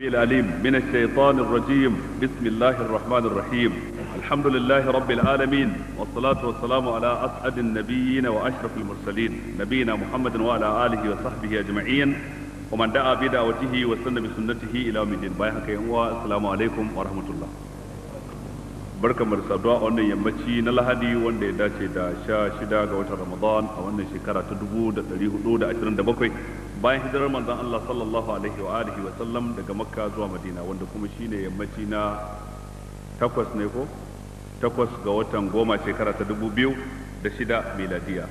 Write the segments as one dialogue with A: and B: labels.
A: الأليم من الشيطان الرجيم بسم الله الرحمن الرحيم الحمد لله رب العالمين والصلاة والسلام على أسعد النبيين وأشرف المرسلين نبينا محمد وعلى آله وصحبه أجمعين ومن دعا بدعوته وسن بسنته إلى يوم الدين السلام عليكم ورحمة الله barka mu saduwa a wannan yammaci na lahadi wanda ya dace da sha shida ga watan ramadan a wannan shekara ta dubu da ɗari hudu da ashirin da bakwai bayan hijirar manzon allah sallallahu alaihi wa alihi wa sallam daga makka zuwa madina wanda kuma shine yammaci na takwas ne ko takwas ga watan goma shekara ta dubu biyu da shida miladiya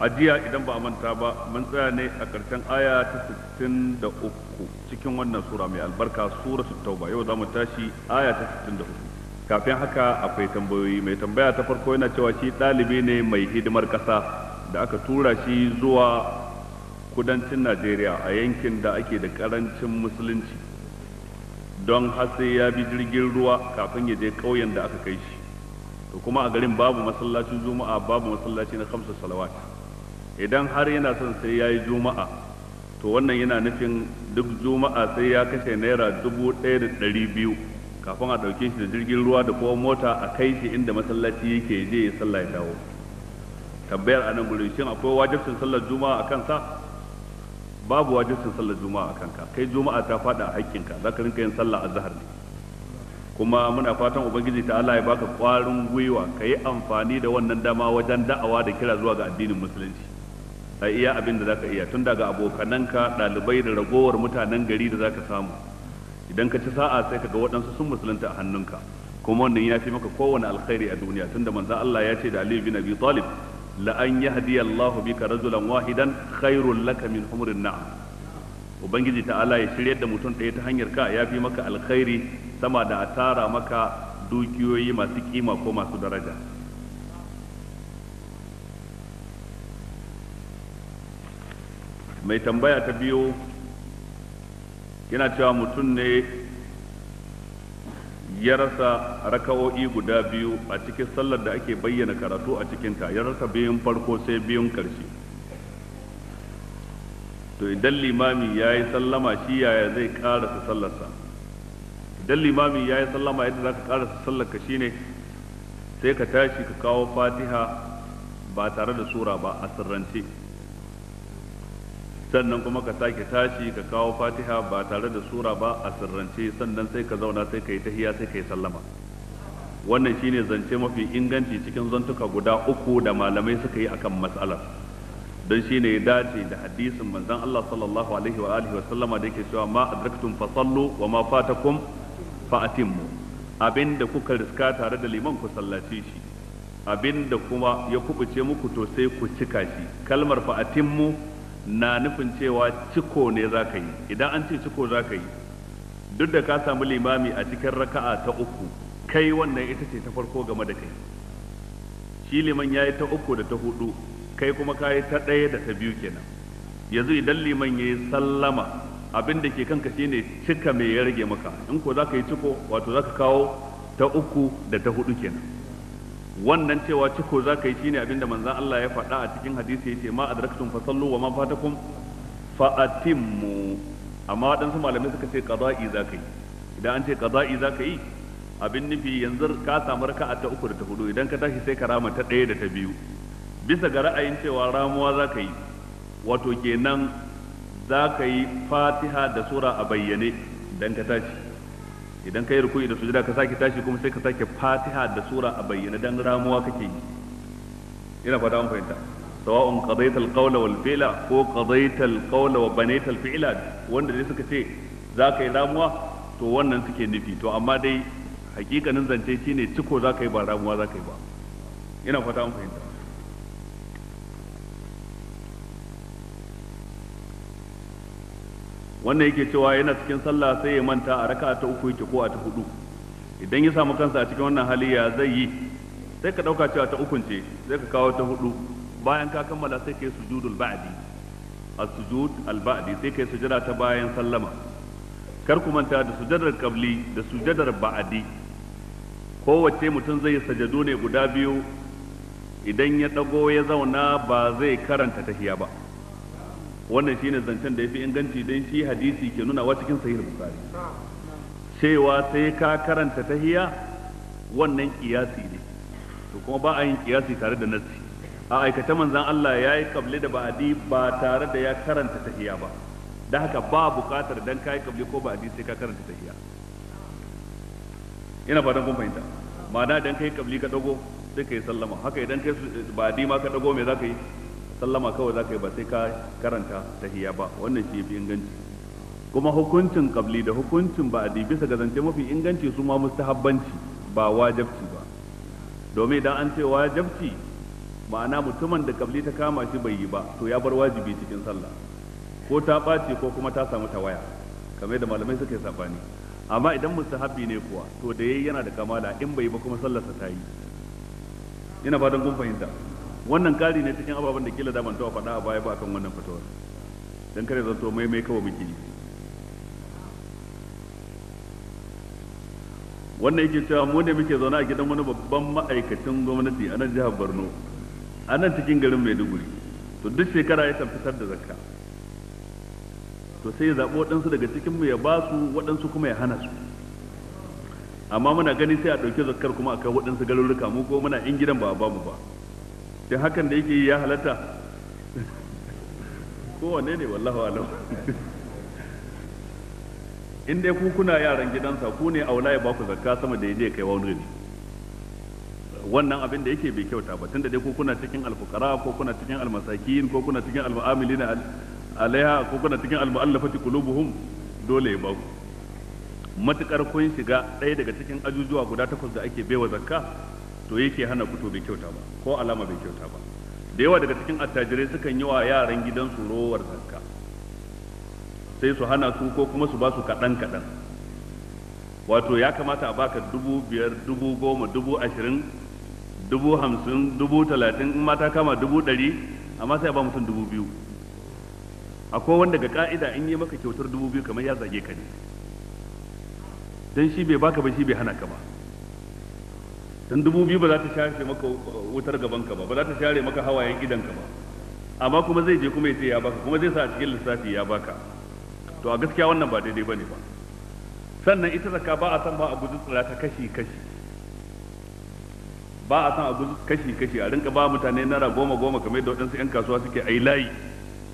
A: a jiya idan ba a manta ba mun tsaya ne a ƙarshen aya ta sittin da uku cikin wannan sura mai albarka sura tauba yau za mu tashi aya ta sittin da uku kafin haka akwai tambayoyi mai tambaya ta farko yana cewa shi ɗalibi ne mai hidimar ƙasa da aka tura shi zuwa kudancin najeriya a yankin da ake da ƙarancin musulunci don har sai ya bi jirgin ruwa kafin ya je ƙauyen da aka kai shi to kuma a garin babu masallacin juma'a babu masallaci na kamsa salawat idan har yana son sai ya yi juma'a to wannan yana nufin duk juma'a sai ya kashe naira dubu ɗaya da ɗari biyu kafin a ɗauke shi da jirgin ruwa da kuma mota a kai shi inda masallaci yake je ya sallah ya dawo tambayar a nan gurin shin akwai wajibcin sallar juma'a a kansa babu wajibcin sallar juma'a a kanka kai juma'a ta faɗa a haƙƙinka za ka rinka yin sallah a zahar ne kuma muna fatan ubangiji ta Allah ya baka ƙwarin gwiwa ka yi amfani da wannan dama wajen da'awa da kira zuwa ga addinin musulunci a iya abin da za ka iya tun daga abokananka ɗalibai da ragowar mutanen gari da za ka samu idan ka ci sa'a sai ka ga waɗansu sun musulunta a hannunka kuma wannan ya fi maka kowane alkhairi a duniya tunda manza Allah ya ce da Ali bin Abi Talib la an yahdi Allah bika rajulan wahidan khairul laka min humrin na'am ubangiji ta'ala ya shiryar da mutum ɗaya ta hanyar ka ya fi maka alkhairi sama da a tara maka dukiyoyi masu kima ko masu daraja mai tambaya ta biyu yana cewa mutum ne ya rasa rakawo'i guda biyu a cikin sallar da ake bayyana karatu a cikinta ya rasa biyun farko sai biyun karshe to idan limami ya yi sallama shi yaya zai karasa sallarsa idan limami ya yi sallama yadda za ka karasa sallarka ne sai ka tashi ka kawo fatiha ba tare da sura ba a sirrance sannan kuma ka sake tashi ka kawo fatiha ba tare da sura ba a sirrance sannan sai ka zauna sai ka yi tahiya sai ka yi sallama wannan shine zance mafi inganci cikin zantuka guda uku da malamai suka yi akan matsalar don shine ya dace da hadisin manzon Allah sallallahu alaihi wa wa sallama da yake cewa ma adraktum fa sallu wa ma fatakum fa atimmu abinda kuka riska tare da liman ku sallace shi abinda kuma ya kubuce muku to sai ku cika shi kalmar fa na nufin cewa ciko ne za ka yi idan an ce ciko za ka yi duk da ka samu limami a cikin raka'a ta uku kai wannan ita ce ta farko game da kai shi liman ya yi ta uku da ta hudu kai kuma ka yi ta ɗaya da ta biyu kenan yanzu idan liman ya yi sallama abin da ke kanka shine cika mai ya rage maka in ko za ka yi ciko wato za ka kawo ta uku da ta hudu kenan wannan cewa ciko za ka yi shine abinda manzan Allah ya faɗa a cikin hadisi ya ce ma adraktum fasallu wa mafatakun fatakum amma waɗansu malamai suka ce kaza'i za ka yi idan an ce kaza'i za ka yi abin nufi yanzu ka samu raka'a ta uku da ta hudu idan ka tashi sai ka rama ta ɗaya da ta biyu bisa ga ra'ayin cewa ramuwa za ka yi wato kenan za ka yi fatiha da sura a bayyane dan ka tashi idan kai ruku'i da sujada ka sake tashi kuma sai ka sake fatiha da sura a bayyana dan ramuwa kake yi ina fata an fahimta sawa'un qadaita al-qawla wal fi'la ko qadaita al-qawla wa banaita al-fi'la wanda dai suka ce za ka yi ramuwa to wannan suke nufi to amma dai hakikanin zance shine ciko za ka yi ba ramuwa za ka yi ba ina fata an fahimta wannan yake cewa yana cikin sallah sai ya manta a raka'a ta uku yake ko a ta hudu idan ya samu kansa a cikin wannan hali ya zai yi sai ka dauka cewa ta ukun ce sai ka kawo ta hudu bayan ka kammala sai kai sujudul ba'di as-sujud al-ba'di sai kai sujada ta bayan sallama kar ku manta da sujadar qabli da sujadar ba'di kowace mutum zai sajado ne guda biyu idan ya dago ya zauna ba zai karanta tahiya ba wannan shine zancen da yafi inganci dan shi hadisi ke nuna wa cikin sahih bukhari cewa sai ka karanta tahiya wannan kiyasi ne to kuma ba a yin kiyasi tare da nassi a aikata manzan Allah ya yi kable da ba'adi ba tare da ya karanta tahiya ba da haka ba buƙatar dan ka yi kable ko ba'adi sai ka karanta tahiya ina fatan kun fahimta ma'ana dan kai kable ka dago sai ka yi sallama haka idan yi ba'adi ma ka dago me za ka yi sallama kawai za ka yi ba sai ka karanta hiya ba wannan shi fi inganci kuma hukuncin kabli da hukuncin ba ba'adi bisa ga zance mafi inganci su ma mustahabbanci ba wajabci ba domin idan an ce wajabci ma'ana mutumin da kabli ta kama shi bai yi ba to ya bar wajibi cikin sallah ko ta ɓace ko kuma ta samu tawaya kamar da malamai suka yi sabani amma idan mustahabbi ne kuwa to da yayi yana da kamala in bai ba kuma sallarsa ta yi ina fatan kun fahimta wannan kari ne cikin ababen da kila da tawa faɗa a baya ba kan wannan fatawar don kare zanto mai mai kawai muke wannan yake cewa mu ne muke zaune a gidan wani babban ma'aikacin gwamnati a nan jihar Borno a nan cikin garin Maiduguri to duk shekara ya fitar da zakka to sai ya zaɓi waɗansu daga cikin mu ya ba su waɗansu kuma ya hana su amma muna gani sai a ɗauki zakkar kuma a kai waɗansu garuruka mu ko muna in gidan ba a mu ba shi hakan da yake yi ya halatta kowane ne wallahu alam in dai ku kuna yaran gidansa ku ne aula ya baku zakka sama da yaje kai wani ne wannan abin da yake bai kyauta ba tunda dai ku kuna cikin alfukara ko kuna cikin almasakin ko kuna cikin almu'amilina alaiha ko kuna cikin almu'allafati qulubuhum dole ya baku matukar kun shiga ɗaya daga cikin ajujuwa guda takwas da ake baiwa zakka to yake hana fito bai kyauta ba ko alama bai kyauta ba da yawa daga cikin attajirai sukan yi wa yaran gidansu rowar zakka sai su hana su ko kuma su ba su kaɗan kaɗan wato ya kamata a baka dubu biyar dubu goma dubu ashirin dubu hamsin dubu talatin in mata kama dubu ɗari amma sai a ba mutum dubu biyu akwai wanda ga ka'ida in yi maka kyautar dubu biyu kamar ya zage ka ne don shi bai baka ba shi bai hana ka ba dan dubu biyu ba za ta share maka wutar gaban ka ba ba za ta share maka hawayen gidan ka ba amma kuma zai je kuma ya ce ya baka kuma zai sa a cikin lissafi ya baka to a gaskiya wannan ba daidai bane ba sannan ita zakka ba a san ba a guji tsira ta kashi kashi ba a san a guji kashi kashi a rinka ba mutane naira goma goma kamar yadda waɗansu 'yan kasuwa suke a layi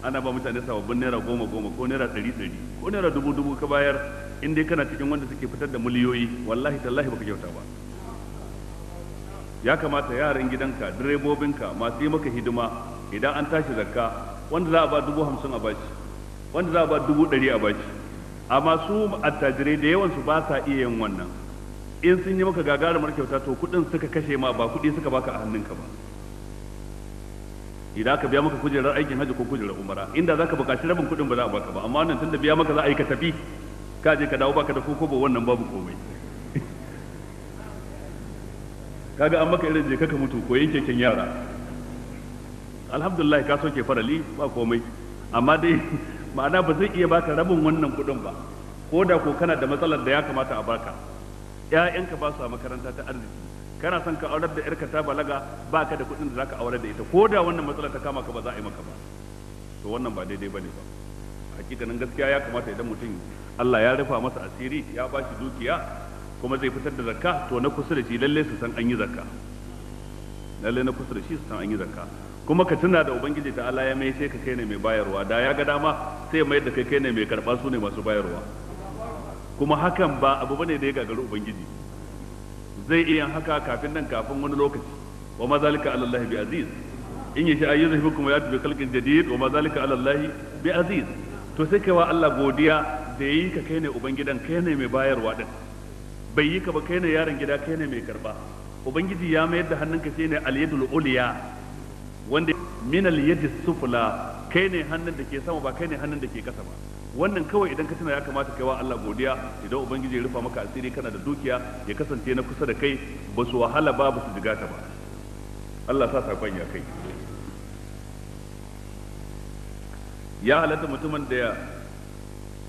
A: ana ba mutane sababbin naira goma goma ko naira ɗari ɗari ko naira dubu dubu ka bayar in dai kana cikin wanda suke fitar da miliyoyi wallahi tallahi baka kyauta ba ya kamata yaran gidanka direbobinka masu yi maka hidima idan an tashi zakka wanda za a ba dubu hamsin a bashi wanda za a ba dubu ɗari a bashi amma su attajirai da yawansu ba sa iya yin wannan in sun yi maka gagarumar kyauta to kuɗin suka kashe ma ba kuɗi suka baka a hannunka ba idan aka biya maka kujerar aikin hajji ko kujerar umara inda za ka buƙaci rabin kuɗin ba za a baka ba amma wannan da biya maka za a yi ka tafi ka je ka dawo baka da ko ba wannan babu komai kaga an maka irin je ka mutu koyon keken yara alhamdulillah ka soke farali ba komai amma dai ma'ana ba zai iya baka rabin wannan kuɗin ba ko da ko kana da matsalar da ya kamata a baka ƴaƴanka ba su a makaranta ta arziki kana son ka aurar da yarka ta balaga baka da kuɗin da zaka aurar da ita ko da wannan matsalar ta kama ka ba za a yi maka ba to wannan ba daidai bane ba hakikanin gaskiya ya kamata idan mutum Allah ya rufa masa asiri ya bashi dukiya kuma zai fitar da zakka to na kusa da shi lalle su san an yi zakka lalle na kusa da shi su san an yi zakka kuma ka tuna da ubangiji ta Allah ya mai sai ka kai ne mai bayarwa da ya ga dama sai mai da kai kai ne mai karba su ne masu bayarwa kuma hakan ba abu bane da ya gagaru ubangiji zai iya haka kafin nan kafin wani lokaci wa ma zalika ala Allah bi aziz in yashi ayyuzuhukum ya tabi khalqin jadid wa ma zalika ala Allah bi aziz to sai kai wa Allah godiya da yi ka kai ne ubangidan kai ne mai bayarwa din bai yi ka ba kai ne yaron gida kai ne mai karba ubangiji ya mayar da hannunka shi ne alyadul yadul uliya wanda min alyadis sufla kai ne hannun da ke sama ba kai ne hannun da ke kasa ba wannan kawai idan ka tuna ya kamata kai wa Allah godiya idan ubangiji ya rufa maka asiri kana da dukiya ya kasance na kusa da kai ba su wahala ba ba su ta ba Allah sa sakon ya kai ya halatta mutumin da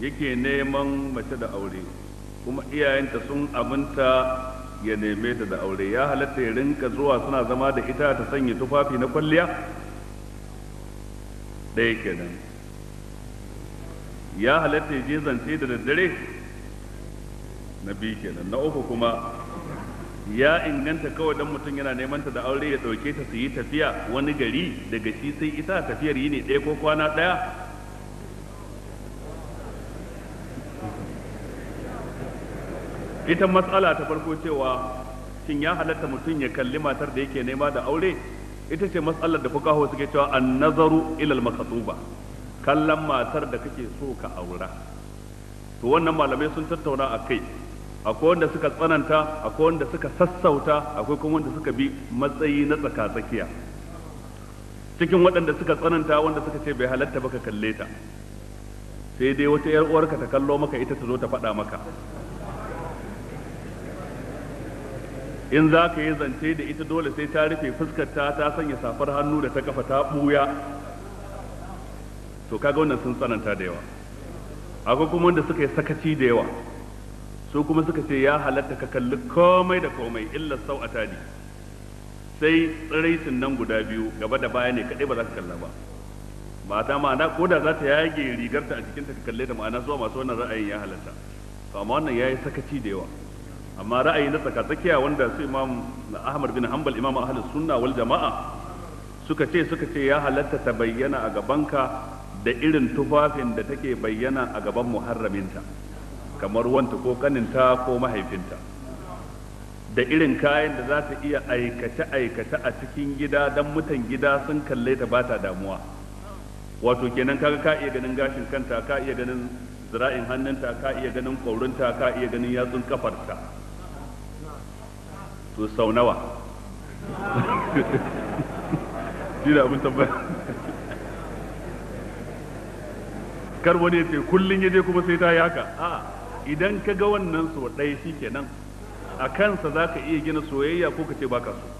A: yake neman mace da aure kuma iyayenta sun aminta ya neme ta da aure ya halatta ya rinka zuwa suna zama da ita ta sanya tufafi na kwalliya ɗaya kenan ya halatta ya je zance da daddare na biyu kenan na uku kuma ya inganta kawai dan mutum yana neman ta da aure ya ɗauke ta su yi tafiya wani gari daga shi sai ita tafiyar yi ne ɗaya ko kwana ɗaya ita matsala ta farko cewa shin ya halatta mutum ya kalli matar da yake nema da aure ita ce matsalar da fuqaha suke cewa an nazaru ilal makatuba kallon matar da kake so ka aura to wannan malamai sun tattauna a kai akwai wanda suka tsananta akwai wanda suka sassauta akwai kuma wanda suka bi matsayi na tsaka tsakiya cikin waɗanda suka tsananta wanda suka ce bai halatta ba ka kalle ta sai dai wata yar uwarka ta kallo maka ita ta zo ta faɗa maka in za ka yi zance da ita dole sai ta rufe fuskarta ta sanya safar hannu da ta kafa ta buya to kaga wannan sun tsananta da yawa akwai kuma wanda suka yi sakaci da yawa su kuma suka ce ya halatta ka kalli komai da komai illa sau a tadi sai tsiraicin nan guda biyu gaba da baya ne kaɗai ba za ka kalla ba mata ma'ana ko da za ta yage rigarta a jikinta ka kalle da ma'ana zuwa masu wannan ra'ayin ya halatta to amma wannan ya yi sakaci da yawa amma ra'ayi na tsakatsakiya wanda su imam ahmad bin hanbal imam ahlus sunna wal jama'a suka ce suka ce ya halatta ta bayyana a gabanka da irin tufafin da take bayyana a gaban muharraminta kamar wanta ko kaninta ko mahaifinta da irin kayan da za ta iya aikace-aikace a cikin gida don mutan gida sun kalle ta ba ta damuwa wato kenan kaga ka iya ganin gashin kanta ka iya ganin zira'in hannunta ka iya ganin kwaurinta ka iya ganin yatsun kafarta to sau nawa shi da abin tabbata kar wani ce kullum ya je kuma sai ta yaka a idan ka ga wannan su ɗaya shi kenan a kansa za ka iya gina soyayya ko ka ce baka so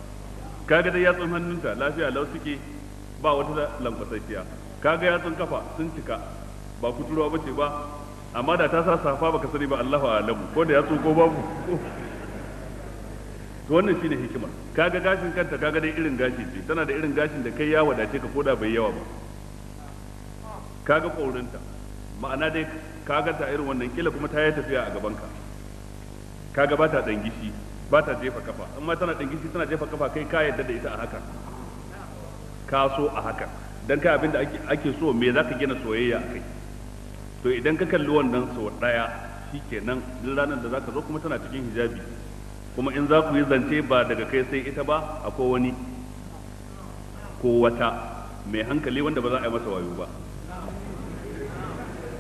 A: kaga da yatsun hannunta lafiya lau suke ba wata lankwasashiya kaga yatsun kafa sun cika ba kuturuwa ce ba amma da ta sa safa baka sani ba Allahu a'lamu ko da yatsun ko babu to wannan shine hikimar kaga gashin kanta kaga dai irin gashi ce tana da irin gashin da kai ya wadace ka koda bai yawa ba kaga ƙorinta ma'ana dai kaga ta irin wannan kila kuma ta yi tafiya a gaban ka kaga ba ta dan gishi ba ta jefa kafa in ma tana dan gishi tana jefa kafa kai ka yadda da ita a haka ka so a haka dan kai abinda ake ake so me zaka gina soyayya kai to idan ka kalli wannan so daya shikenan duk ranar da zaka zo kuma tana cikin hijabi kuma in za ku yi zance ba daga kai sai ita ba ko wani ko wata mai hankali wanda ba za a yi masa wayo ba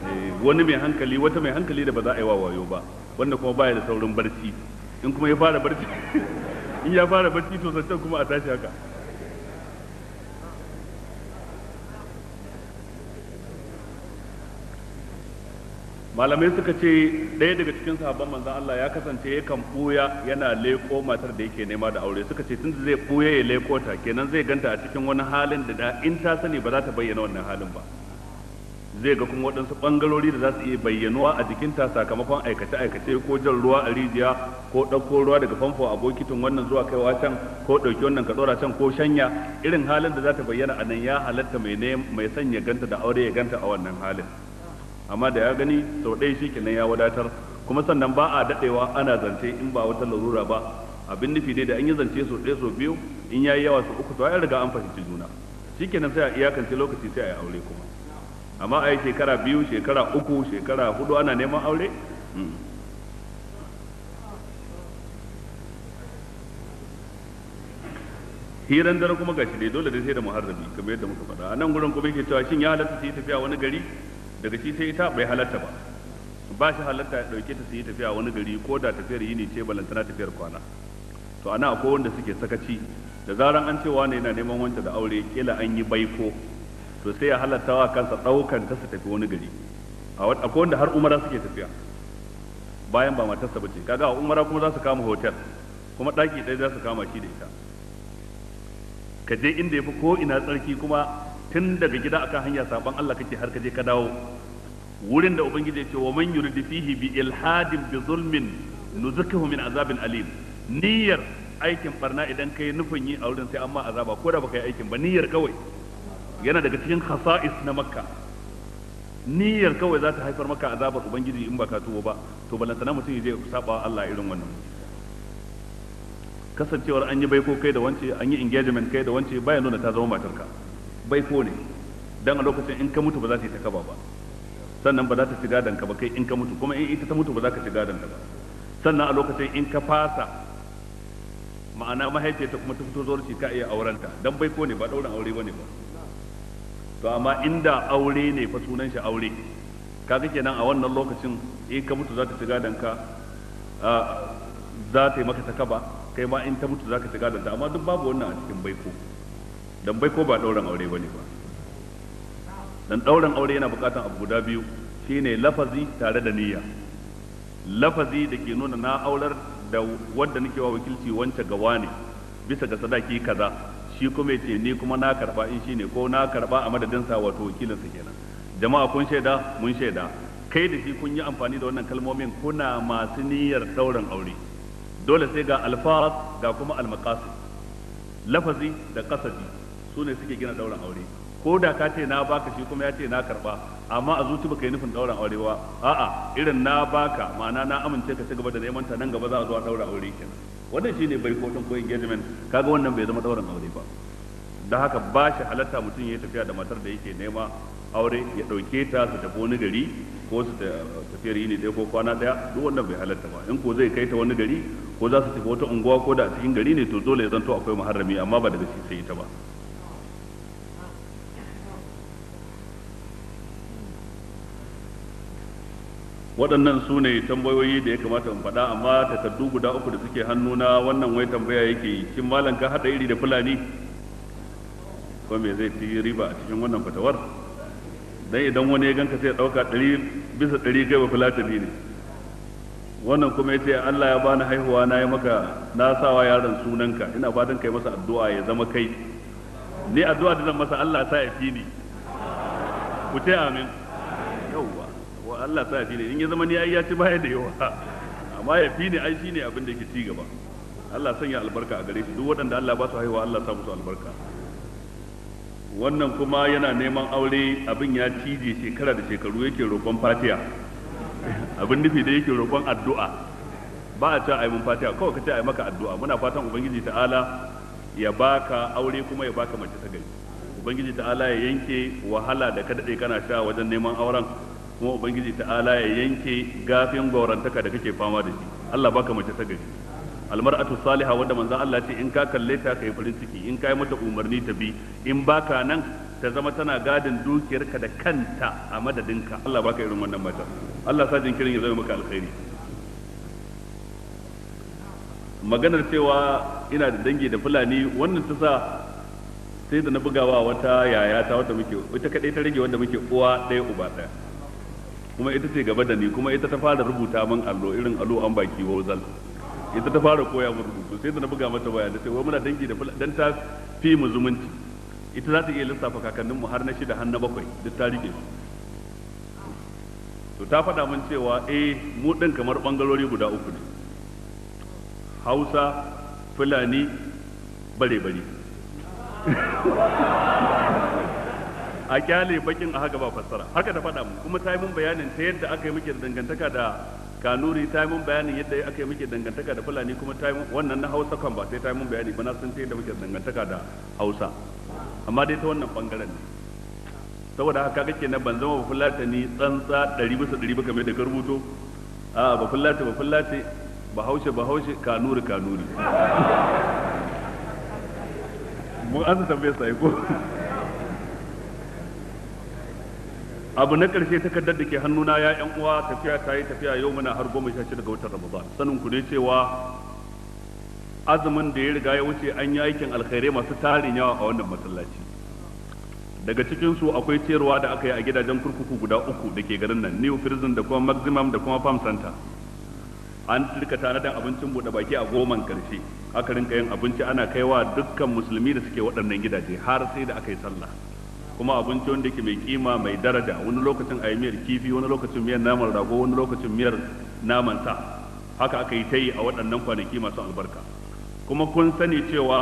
A: eh, wani mai hankali wata mai hankali da ba za a yi wa wayo ba wanda kuma baya da saurin barci in kuma ya fara barci
B: in ya
A: fara barci to zancen kuma a tashi haka malamai suka ce ɗaya daga cikin sahabban manzan Allah ya kasance yakan buya yana leko matar da yake nema da aure suka ce tun zai ɓuya ya leƙo ta kenan zai ganta a cikin wani halin da da in ta sani ba za ta bayyana wannan halin ba zai ga kuma waɗansu ɓangarori da za su iya bayyanuwa a jikin ta sakamakon aikace-aikace ko jan ruwa a rijiya ko ɗauko ruwa daga famfo a bokitin wannan zuwa kaiwa can ko ɗauki wannan ka ɗora can ko shanya irin halin da za ta bayyana a nan ya halatta mai sanya ganta da aure ya ganta a wannan halin amma da ya gani sau ɗaya shi kenan ya wadatar kuma sannan ba a daɗewa ana zance in ba wata larura ba abin nufi dai da an yi zance sau ɗaya sau biyu in ya yi yawa sau uku sau ya riga an fahimci juna shi kenan sai a iyakance lokaci sai a yi aure kuma amma a yi shekara biyu shekara uku shekara hudu ana neman aure hmm. hiran dare kuma gashi dai dole dai sai da muharrabi kamar yadda muka faɗa a nan gurin kuma yake cewa shin ya halatta su yi tafiya wani gari daga shi sai ita bai halatta ba ba shi halatta ya dauke ta su yi tafiya wani gari ko da tafiyar yini ce balantana tafiyar kwana to ana akwai wanda suke sakaci da zaran an cewa ne yana neman wancan da aure kila an yi baiko to sai ya halatta wa kansa daukan ta su tafi wani gari akwai wanda har umara suke tafiya bayan ba matarsa bace kaga a umara kuma za su kama hotel kuma daki ɗaya za su kama shi da ita ka je inda ya fi ko ina tsarki kuma tun daga gida akan hanya saban Allah kake har ka je ka dawo wurin da ubangiji ya ce wa man yuridu fihi bi ilhadin bi zulmin nuzikahu min azabin alim niyyar aikin barna idan kai nufin yi a wurin sai amma azaba ko da baka yi aikin ba niyyar kawai yana daga cikin khasa'is na makka niyyar kawai za ta haifar maka azabar ubangiji in ba ka tuwo ba to balantana mutum ya je saba Allah irin wannan kasancewar an yi baiko kai da wance an yi engagement kai da wance baya nuna ta zama matarka bai ko ne dan a lokacin in ka mutu ba za ta yi ta kaba ba sannan ba za ta ci gadon ka ba kai in ka mutu kuma in ita ta mutu ba za ka ci gadon ka ba sannan a lokacin in ka fasa ma'ana mahaifiyarta kuma ta fito zuwa shi ka iya aurenta dan bai ko ne ba dauran aure bane ba to amma inda aure ne fa sunan shi aure kaga kenan a wannan lokacin in ka mutu za ta ci gadon ka za ta yi maka ta kaba kai ma in ta mutu za ka ci gadon amma duk babu wannan a cikin baiko dan bai ko ba dauran aure bane ba dan dauran aure yana bukatan abu guda biyu shine lafazi tare da niyya lafazi da ke nuna na aurar da wadda nake wa wakilci wance gawa ne bisa ga sadaki kaza shi kuma ya ce ni kuma na karba in shine ko na karba a madadin sa wato sa kenan jama'a kun shaida mun shaida kai da shi kun yi amfani da wannan kalmomin kuna masu niyyar dauran aure dole sai ga alfaras ga kuma almaqasid lafazi da kasadi su ne suke gina dauran aure ko da ka ce na baka shi kuma ya ce na karba amma a zuci baka yi nufin dauran aure ba a'a irin na baka ma'ana na amince ka ci gaba da neman ta nan gaba za a zo a daura aure kenan wannan shine bai kotun ko engagement kaga wannan bai zama dauran aure ba da haka ba shi halatta mutum ya tafiya da matar da yake nema aure ya dauke ta su tafi wani gari ko su tafiyar yini dai ko kwana daya duk wannan bai halatta ba in ko zai kai ta wani gari ko za su tafi wata unguwa ko da cikin gari ne to dole ya zanto akwai muharrami amma ba daga shi sai ita ba waɗannan su ne tambayoyi da ya kamata in faɗa amma takardu guda uku da suke na wannan wai tambaya yake yi shin malam ka haɗa iri da fulani ko me zai ci riba a cikin wannan fatawar dan idan wani ya ganka sai ya ɗauka ɗari bisa ɗari kai ba fulatani ne wannan kuma ya ce Allah ya bani haihuwa na yi maka na sawa yaron sunanka ina fatan kai masa addu'a ya zama kai ni addu'a da zan masa Allah sa ya fi ni ku ce amin Allah sa fi ne in ya zama ni ai ya ci baya da yawa amma ya fi ne ai shine abin da ke ci gaba Allah sanya albarka a gare shi duk waɗanda Allah ba su haihuwa Allah sa musu albarka wannan kuma yana neman aure abin ya cije shekara da shekaru yake roƙon fatiya abin nufi da yake roƙon addu'a ba a ce a yi mun fatiha kawai ka ce a yi maka addu'a muna fatan ubangiji ta'ala ya baka aure kuma ya baka mace ta gari ubangiji ta'ala ya yanke wahala da ka daɗe kana sha wajen neman auren kuma ubangiji ta'ala ya yanke gafin gaurantaka da kake fama da shi Allah baka mace ta gari almar'atu salihah wanda manza Allah ce in ka kalle ta kai farin ciki in kai mata umarni ta bi in baka nan ta zama tana gadin dukiyarka da kanta a madadinka Allah baka irin wannan mata Allah sa jin kirin ya zama maka alkhairi maganar cewa ina da dangi da fulani wannan ta sa sai da na bugawa wata yaya ta wata muke ita kadai ta rage wanda muke uwa ɗaya uba ɗaya kuma ita ce gaba da ni kuma ita ta fara rubuta min allo irin allo an baki wauzal ita ta fara koya min rubutu sai da na buga mata waya da sai wai muna dangi da dan ta fi mu zumunci ita za ta iya lissafa kakannin mu har na shida har na bakwai duk ta rike to ta faɗa min cewa eh mu din kamar bangalori guda uku ne Hausa Fulani bare bare a kyale bakin a haka ba fassara haka ta faɗa mu kuma ta yi mun bayanin ta yadda aka yi muke dangantaka da kanuri ta yi mun bayanin yadda aka yi muke dangantaka da fulani kuma ta yi wannan na hausa kan ba sai ta yi mun bayani ba na sun ta yadda muke dangantaka da hausa amma dai ta wannan bangaren ne saboda haka kake na ban zama ni tsantsa ɗari bisa ɗari ba kamar da ka rubuto a ba fulata ba fulata ba haushe ba haushe kanuri kanuri mu an tambaye sai ko abu na ƙarshe takardar da ke hannuna ya yan uwa tafiya ta yi tafiya yau muna har goma sha shida ga watan ramadan sanin ku ne cewa azumin da ya riga ya wuce an yi aikin alkhairai masu tarin yawa a wannan masallaci daga cikin su akwai ciyarwa da aka yi a gidajen kurkuku guda uku da ke garin nan new prison da kuma maximum da kuma farm center an rika da abincin buɗe baki a goman karshe aka rinka yin abinci ana kaiwa dukkan musulmi da suke waɗannan gidaje har sai da aka yi sallah kuma abinci wanda ke mai kima mai daraja wani lokacin a yi miyar kifi wani lokacin miyar naman rago wani lokacin miyar naman sa haka aka yi ta yi a waɗannan kwanaki masu albarka kuma kun sani cewa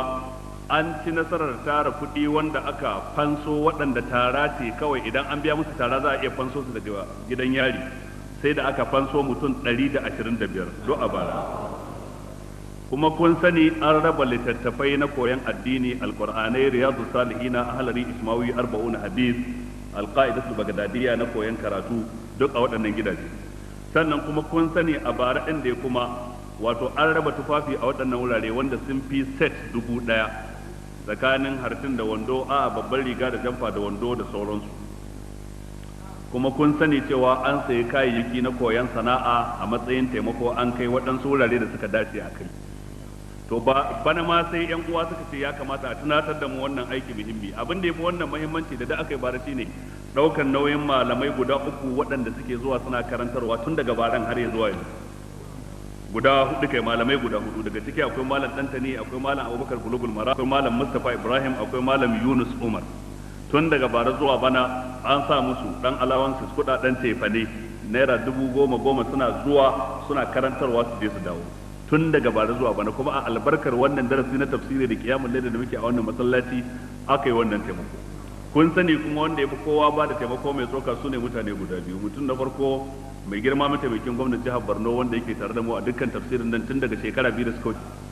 A: an ci nasarar tara kuɗi wanda aka fanso waɗanda tara ce kawai idan an biya musu tara za a iya fanso su daga gidan yari sai da aka fanso mutum ɗari da da ashirin biyar do a bara kuma kun sani an raba littattafai na koyon addini alkur'anai riyadu salihina ahlari ismawi arba'un hadith su bagdadiyya na koyon karatu duk a waɗannan gidaje sannan kuma kun sani a bara ɗin da kuma wato an raba tufafi a waɗannan wurare wanda sun fi set dubu ɗaya tsakanin hartin da wando a babban riga da jamfa da wando da sauransu kuma kun sani cewa an sayi kayayyaki na koyon sana'a a matsayin taimako an kai waɗansu wurare da suka dace a kai to ba bana ma sai yan uwa suka ce ya kamata a tunatar da mu wannan aiki muhimmi abin da yafi wannan muhimmanci da da aka yi bara shine daukan nauyin malamai guda uku waɗanda suke zuwa suna karantarwa tun daga baran har ya zuwa yanzu guda hudu kai malamai guda hudu daga ciki akwai malam dantani akwai malam abubakar bulugul mara akwai malam mustafa ibrahim akwai malam yunus umar tun daga bara zuwa bana an sa musu dan alawansu kudaden tefane naira dubu goma goma suna zuwa suna karantarwa su je su dawo tun daga bara zuwa bana kuma a albarkar wannan darasi na tafsiri da kiyamun laili da muke a wannan masallaci aka yi wannan taimako kun sani kuma wanda ya fi kowa ba da taimako mai tsoka su ne mutane guda biyu mutum na farko mai girma mataimakin gwamnan jihar Borno wanda yake tare da mu a dukkan tafsirin nan tun daga shekara biyu da suka wuce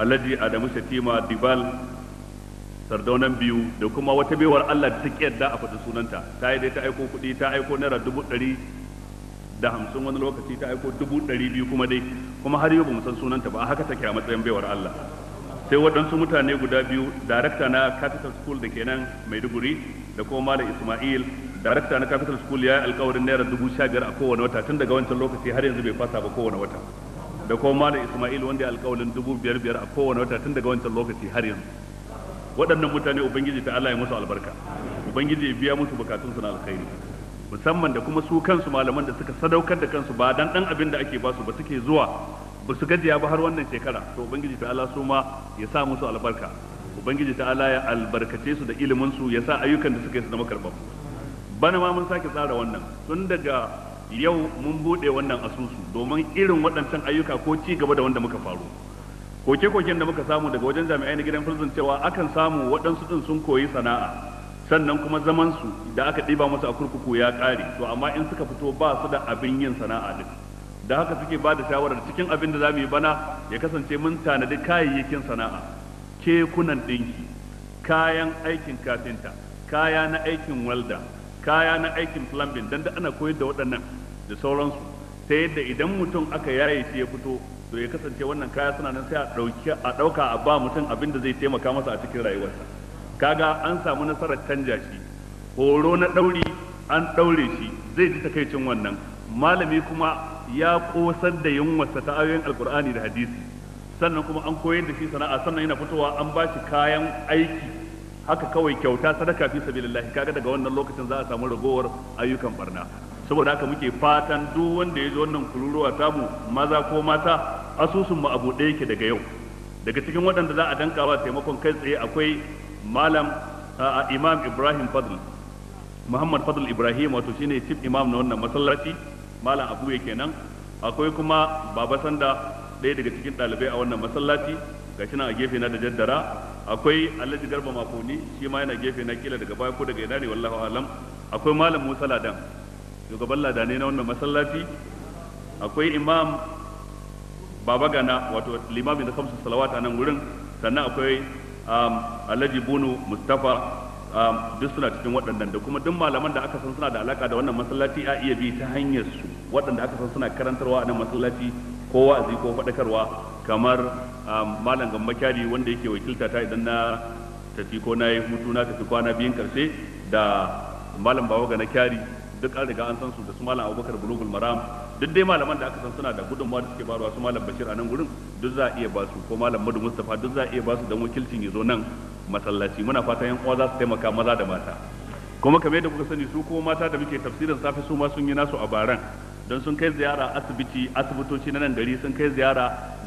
A: Alhaji Adamu Shatima Dibal sardaunan biyu da kuma wata baiwar Allah da take yadda a faɗi sunanta ta yi dai ta aiko kuɗi ta aiko naira dubu ɗari da hamsin wani lokaci ta aiko dubu ɗari biyu kuma dai kuma har yau mu san sunanta ba a haka take a matsayin baiwar Allah sai waɗansu mutane guda biyu darakta na capital school da ke nan maiduguri da kuma malam ismail darakta na capital school ya yi alkawarin naira dubu sha biyar a kowane wata tun daga wancan lokaci har yanzu bai fasa ba kowane wata da kuma malam ismail wanda ya alkawarin dubu biyar biyar a kowane wata tun daga wancan lokaci har yanzu waɗannan mutane ubangiji ta Allah ya musu albarka ubangiji ya biya musu bukatunsu na alkhairi musamman da kuma su kansu malaman da suka sadaukar da kansu ba dan dan abin da ake ba su ba suke zuwa ba su gajiya ba har wannan shekara to ubangiji ta'ala su ma ya sa musu albarka ubangiji Ala ya albarkace su da ilimin su ya sa ayyukan da suka yi su zama karbabu bana ma mun sake tsara wannan tun daga yau mun bude wannan asusu domin irin waɗancan ayyuka ko ci gaba da wanda muka faru koke-koken da muka samu daga wajen jami'ai na gidan fulzin cewa akan samu waɗansu ɗin sun koyi sana'a sannan kuma zaman su da aka ɗiba masu a kurkuku ya ƙare to amma in suka fito ba su da abin yin sana'a din da haka suke ba da shawarar cikin abin da za mu yi bana ya kasance mun tanadi kayayyakin sana'a kekunan ɗinki kayan aikin kafinta kaya na aikin walda kaya na aikin plumbing dan da ana koyar da waɗannan da sauransu ta yadda idan mutum aka yaye shi ya fito to ya kasance wannan kaya suna nan sai a ɗauka a ba mutum abin da zai taimaka masa a cikin rayuwarsa kaga an samu nasarar canja shi horo na ɗauri an ɗaure shi zai ji takaicin wannan malami kuma ya kosar da yunwarsa ta ayoyin alkur'ani da hadisi sannan kuma an koyar da shi sana'a sannan yana fitowa an ba shi kayan aiki haka kawai kyauta sadaka fi sabilillahi kaga daga wannan lokacin za a samu ragowar ayyukan barna saboda haka muke fatan duk wanda ya ji wannan kururuwa tamu maza ko mata asusun mu abu ɗaya yake daga yau daga cikin waɗanda za a danka ba taimakon kai tsaye akwai malam a imam ibrahim fadl muhammad fadl ibrahim wato shine chief imam na wannan masallaci malam ya kenan akwai kuma baba sanda ɗaya daga cikin ɗalibai a wannan masallaci gashi nan a gefe na da jaddara akwai alhaji garba makoni shi ma yana gefe na kila daga baya ko daga ina ne wallahu alam akwai malam musa ladan shugaban ne na wannan masallaci akwai imam baba gana wato limamin da kamsu salawata nan gurin sannan akwai Um, alhaji bunu mustafa um, duk suna cikin waɗannan da kuma duk malaman da aka san suna da alaka da wannan masallaci a iya bi ta hanyar su waɗanda aka san suna karantarwa a nan masallaci ko wa'azi ko faɗakarwa kamar um, malam kyari wanda yake wakilta ta idan na tafi ko na yi hutu na tafi kwana biyun karshe da malam bawa ga na kyari duk an riga an san su da su malam abubakar bulugul maram duk dai malaman da aka san suna da gudunmawa da suke barwa su malam bashir a nan gurin duk za a iya ba su ko malam madu Mustapha duk za a iya ba su don wakilcin ya zo nan masallaci muna fatan yan uwa za su taimaka maza da mata kuma kamar yadda kuka sani su ko mata da muke tafsirin safe su ma sun yi nasu a baran don sun kai ziyara asibiti asibitoci na nan gari sun kai ziyara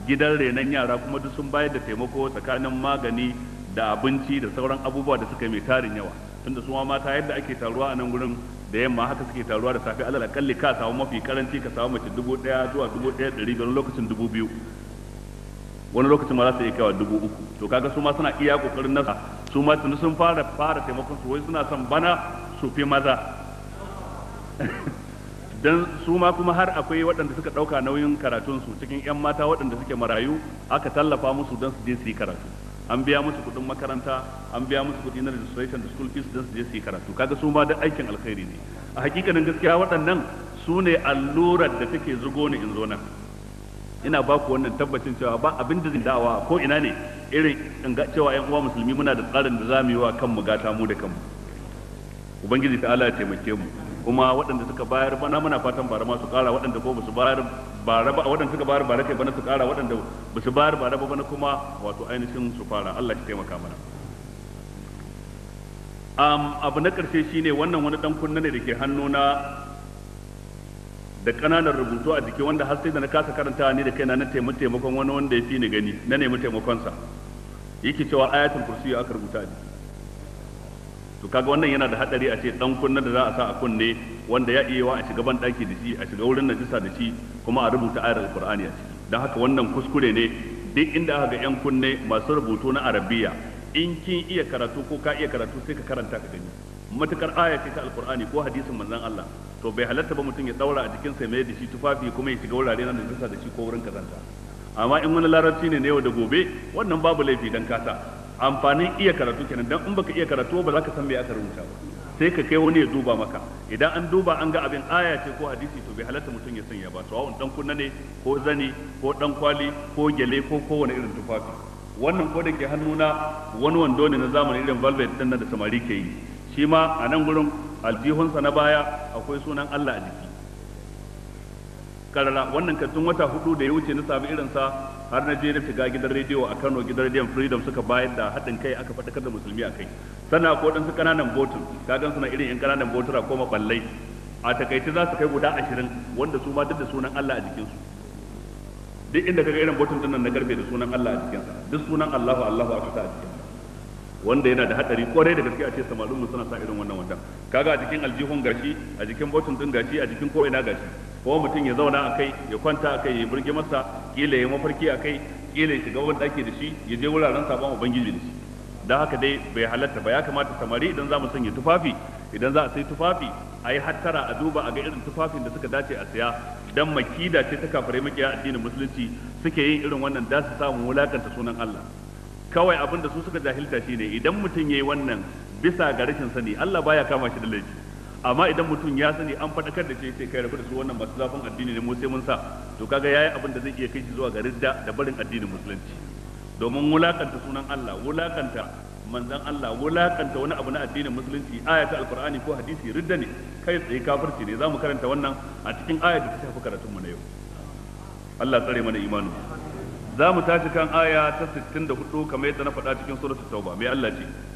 A: gidan renon yara kuma duk sun bayar da taimako tsakanin magani da abinci da sauran abubuwa da suka mai tarin yawa tunda su mata yadda ake taruwa a nan gurin da yamma haka suke taruwa da safe alal akalli ka samu mafi karanci ka samu mace dubu daya zuwa dubu daya dari biyar lokacin dubu biyu wani lokacin ma za su iya kaiwa dubu uku to kaga su ma suna iya kokarin nasa su ma tun sun fara fara taimakon su wai suna son bana su fi maza dan su ma kuma har akwai waɗanda suka ɗauka nauyin karatun su cikin 'yan mata waɗanda suke marayu aka tallafa musu don su je su yi karatu an biya musu kudin makaranta an biya musu kudi na registration da school fees don su je su yi karatu kaga su ma da aikin alkhairi ne a hakikanin gaskiya waɗannan su ne allurar da take zugo ni in zo nan ina ba ku wannan tabbacin cewa ba abin da zai dawa ko ina ne irin in ga cewa ƴan uwa musulmi muna da tsarin da za mu yi wa kanmu gata mu da kanmu ubangiji ta Allah ya taimake mu kuma waɗanda suka bayar bana muna fatan bara ma su ƙara waɗanda ko su bayar bara ba waɗanda suka bayar bara kai bana su ƙara waɗanda ba su bayar bara ba bana kuma wato ainihin su fara Allah shi taimaka mana um, abu na ƙarshe shine wannan wani dan kunna ne da ke hannuna da ƙananan rubutu a jiki wanda har sai da na kasa karanta ni da kaina na taimakon wani wanda ya fi ni gani na nemi taimakonsa yake cewa ayatul kursi aka rubuta a jiki to kaga wannan yana da hadari a ce dan kunna da za a sa a kunne wanda ya iya wa a shiga ban daki da shi a shiga wurin najisa da shi kuma a rubuta ayar alqur'ani a ciki dan haka wannan kuskure ne duk inda aka ga yan kunne masu rubutu na arabiya in kin iya karatu ko ka iya karatu sai ka karanta ka gani matukar aya ce ta alqur'ani ko hadisin manzon Allah to bai halatta ba mutum ya daura a jikin sa mai da shi tufafi kuma ya shiga wurare na najisa da shi ko wurin kazanta amma in wani larabci ne na yau da gobe wannan babu laifi dan kasa amfanin iya karatu kenan dan in baka iya karatu ba za ka san me aka rubuta ba sai ka kai wani ya duba maka idan an duba an ga abin aya ce ko hadisi to bai halatta mutum ya sanya ba sawa'un dan kunna ne ko zani ko dan kwali ko gyale ko kowane irin tufafi wannan ko da ke hannuna wani wando ne na zamani irin velvet din da samari ke yi shi ma a nan gurin aljihunsa na baya akwai sunan Allah a jiki karara wannan kantun wata hudu da ya wuce na sami irinsa har na je na shiga gidan rediyo a Kano gidan rediyon Freedom suka bayar da haɗin kai aka faɗakar da musulmi a kai sannan akwai su ƙananan botul ka gan suna irin 'yan ƙananan botura ko maɓallai a takaice za su kai guda ashirin wanda su ma duk da sunan Allah a jikinsu duk inda kaga irin botun dinnan na karfe da sunan Allah a jikinsa duk sunan Allahu Allahu a a jikinsa wanda yana da hadari kwarai da gaske a ce samarin mun suna sa irin wannan wanda kaga a jikin aljihun gashi a jikin botun din gashi a jikin ko ina gashi ko mutum ya zauna a kai ya kwanta a kai ya burge masa kila ya mafarki a kai kila ya shiga wani ɗaki da shi ya je wuraren sabon ubangiji da shi don haka dai bai halatta ba ya kamata samari idan za mu sanya tufafi idan za a sai tufafi a yi hattara a duba a ga irin tufafin da suka dace a saya dan makida ce ta kafare makiya addinin musulunci suke yin irin wannan da su samu wulakanta sunan Allah kawai abin da su suka jahilta shine idan mutum ya yi wannan bisa ga rashin sani Allah baya kama shi da laifi amma idan mutum ya sani an fadakar da shi sai kai rabu da su wannan masu zafin addini ne mu sai mun sa to kaga yayi abin da zai iya kai shi zuwa ga ridda da barin addinin musulunci domin wulakanta sunan Allah wulakanta manzon Allah wulakanta wani abu na addinin musulunci ayata alqur'ani ko hadisi ridda ne kai tsaye kafirci ne zamu karanta wannan a cikin aya da ta shafi karatun mu na yau Allah tsare mana imanu za tashi kan aya ta 64 kamar yadda na faɗa cikin suratul tauba mai Allah ce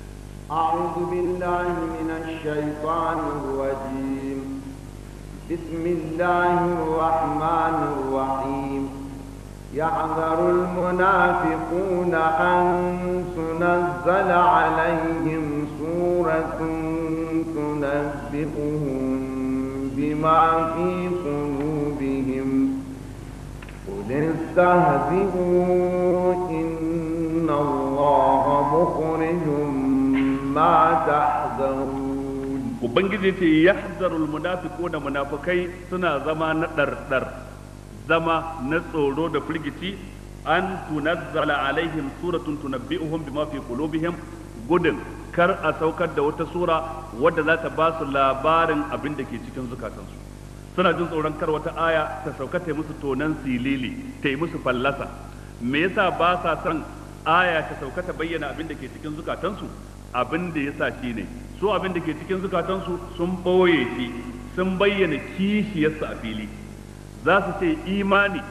C: أعوذ بالله من الشيطان الرجيم بسم الله الرحمن الرحيم يعذر المنافقون أن تنزل عليهم سورة تنبئهم بما في قلوبهم قل استهزئوا إن الله
A: مخرج ma tahzanun ubangiji ce yahzarul da munafikai suna zama na dardar zama na tsoro da firgici an tunazzala alaihim suratun tunabbi'uhum bima fi qulubihim gudun kar a saukar da wata sura wadda za ta ba su labarin abin da ke cikin zukatansu suna jin tsoron kar wata aya ta sauka ta musu tonan silili ta musu fallasa me yasa ba sa son aya ta sauka ta bayyana abin da ke cikin zukatansu abin da ya sa shi ne su abin da ke cikin zukatansu sun ɓoye shi sun bayyana kishiyarsa a fili za su ce imani